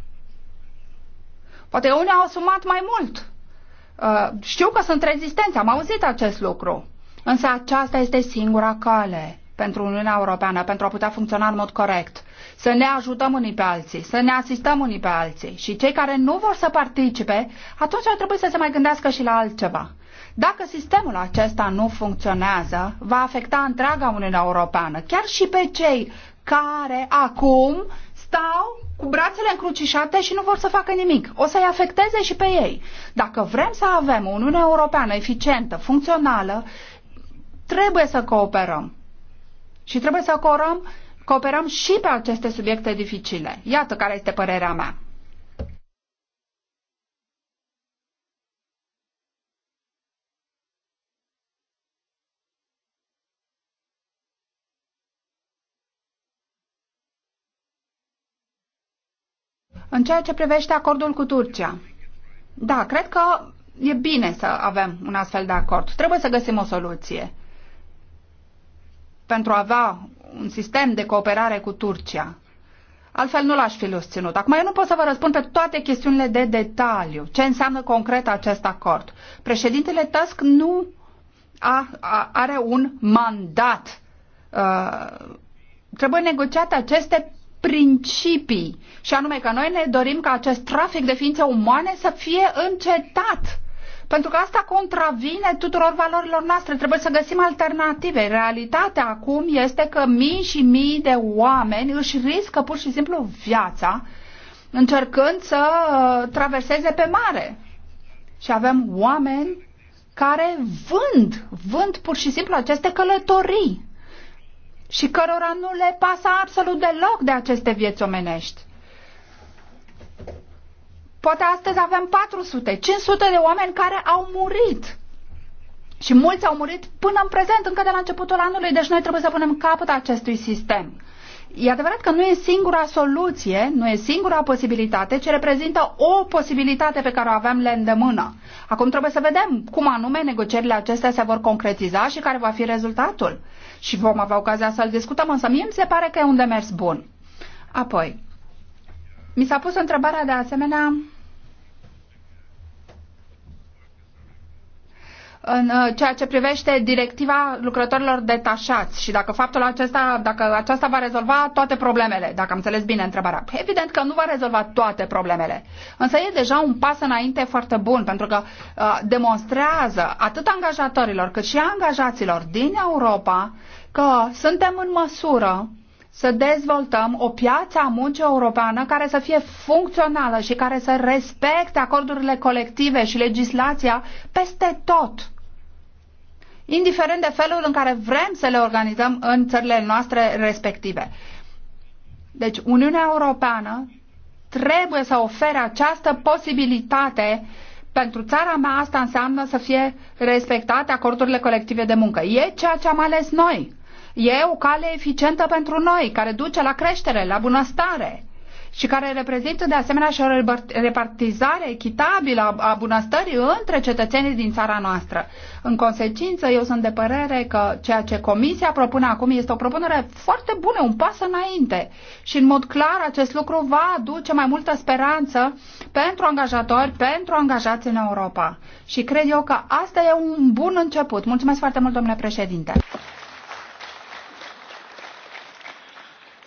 Poate unii au asumat mai mult. Uh, știu că sunt rezistenți, am auzit acest lucru. Însă aceasta este singura cale pentru Uniunea Europeană, pentru a putea funcționa în mod corect. Să ne ajutăm unii pe alții, să ne asistăm unii pe alții. Și cei care nu vor să participe, atunci ar trebui să se mai gândească și la altceva. Dacă sistemul acesta nu funcționează, va afecta întreaga Uniunea Europeană, chiar și pe cei care acum stau cu brațele încrucișate și nu vor să facă nimic. O să-i afecteze și pe ei. Dacă vrem să avem o Uniune Europeană eficientă, funcțională, Trebuie să cooperăm. Și trebuie să cooperăm, cooperăm și pe aceste subiecte dificile. Iată care este părerea mea. În ceea ce privește acordul cu Turcia, da, cred că e bine să avem un astfel de acord. Trebuie să găsim o soluție pentru a avea un sistem de cooperare cu Turcia. Altfel nu l-aș fi susținut. Acum eu nu pot să vă răspund pe toate chestiunile de detaliu. Ce înseamnă concret acest acord? Președintele Tusk nu a, a, are un mandat. Uh, trebuie negociate aceste principii și anume că noi ne dorim ca acest trafic de ființe umane să fie încetat pentru că asta contravine tuturor valorilor noastre. Trebuie să găsim alternative. Realitatea acum este că mii și mii de oameni își riscă pur și simplu viața încercând să uh, traverseze pe mare. Și avem oameni care vând, vând pur și simplu aceste călătorii și cărora nu le pasă absolut deloc de aceste vieți omenești. Poate astăzi avem 400, 500 de oameni care au murit. Și mulți au murit până în prezent, încă de la începutul anului, deci noi trebuie să punem capăt acestui sistem. E adevărat că nu e singura soluție, nu e singura posibilitate, ci reprezintă o posibilitate pe care o avem le îndemână. Acum trebuie să vedem cum anume negocierile acestea se vor concretiza și care va fi rezultatul. Și vom avea ocazia să-l discutăm, însă mie mi se pare că e un demers bun. Apoi, mi s-a pus întrebarea de asemenea în uh, ceea ce privește directiva lucrătorilor detașați și dacă faptul acesta, dacă aceasta va rezolva toate problemele, dacă am înțeles bine întrebarea. Păi, evident că nu va rezolva toate problemele, însă e deja un pas înainte foarte bun, pentru că uh, demonstrează atât angajatorilor cât și angajaților din Europa că suntem în măsură să dezvoltăm o piață a muncii europeană care să fie funcțională și care să respecte acordurile colective și legislația peste tot. Indiferent de felul în care vrem să le organizăm în țările noastre respective. Deci Uniunea Europeană trebuie să ofere această posibilitate pentru țara mea asta înseamnă să fie respectate acordurile colective de muncă. E ceea ce am ales noi e o cale eficientă pentru noi, care duce la creștere, la bunăstare și care reprezintă de asemenea și o repartizare echitabilă a bunăstării între cetățenii din țara noastră. În consecință, eu sunt de părere că ceea ce Comisia propune acum este o propunere foarte bună, un pas înainte. Și în mod clar, acest lucru va aduce mai multă speranță pentru angajatori, pentru angajați în Europa. Și cred eu că asta e un bun început. Mulțumesc foarte mult, domnule președinte.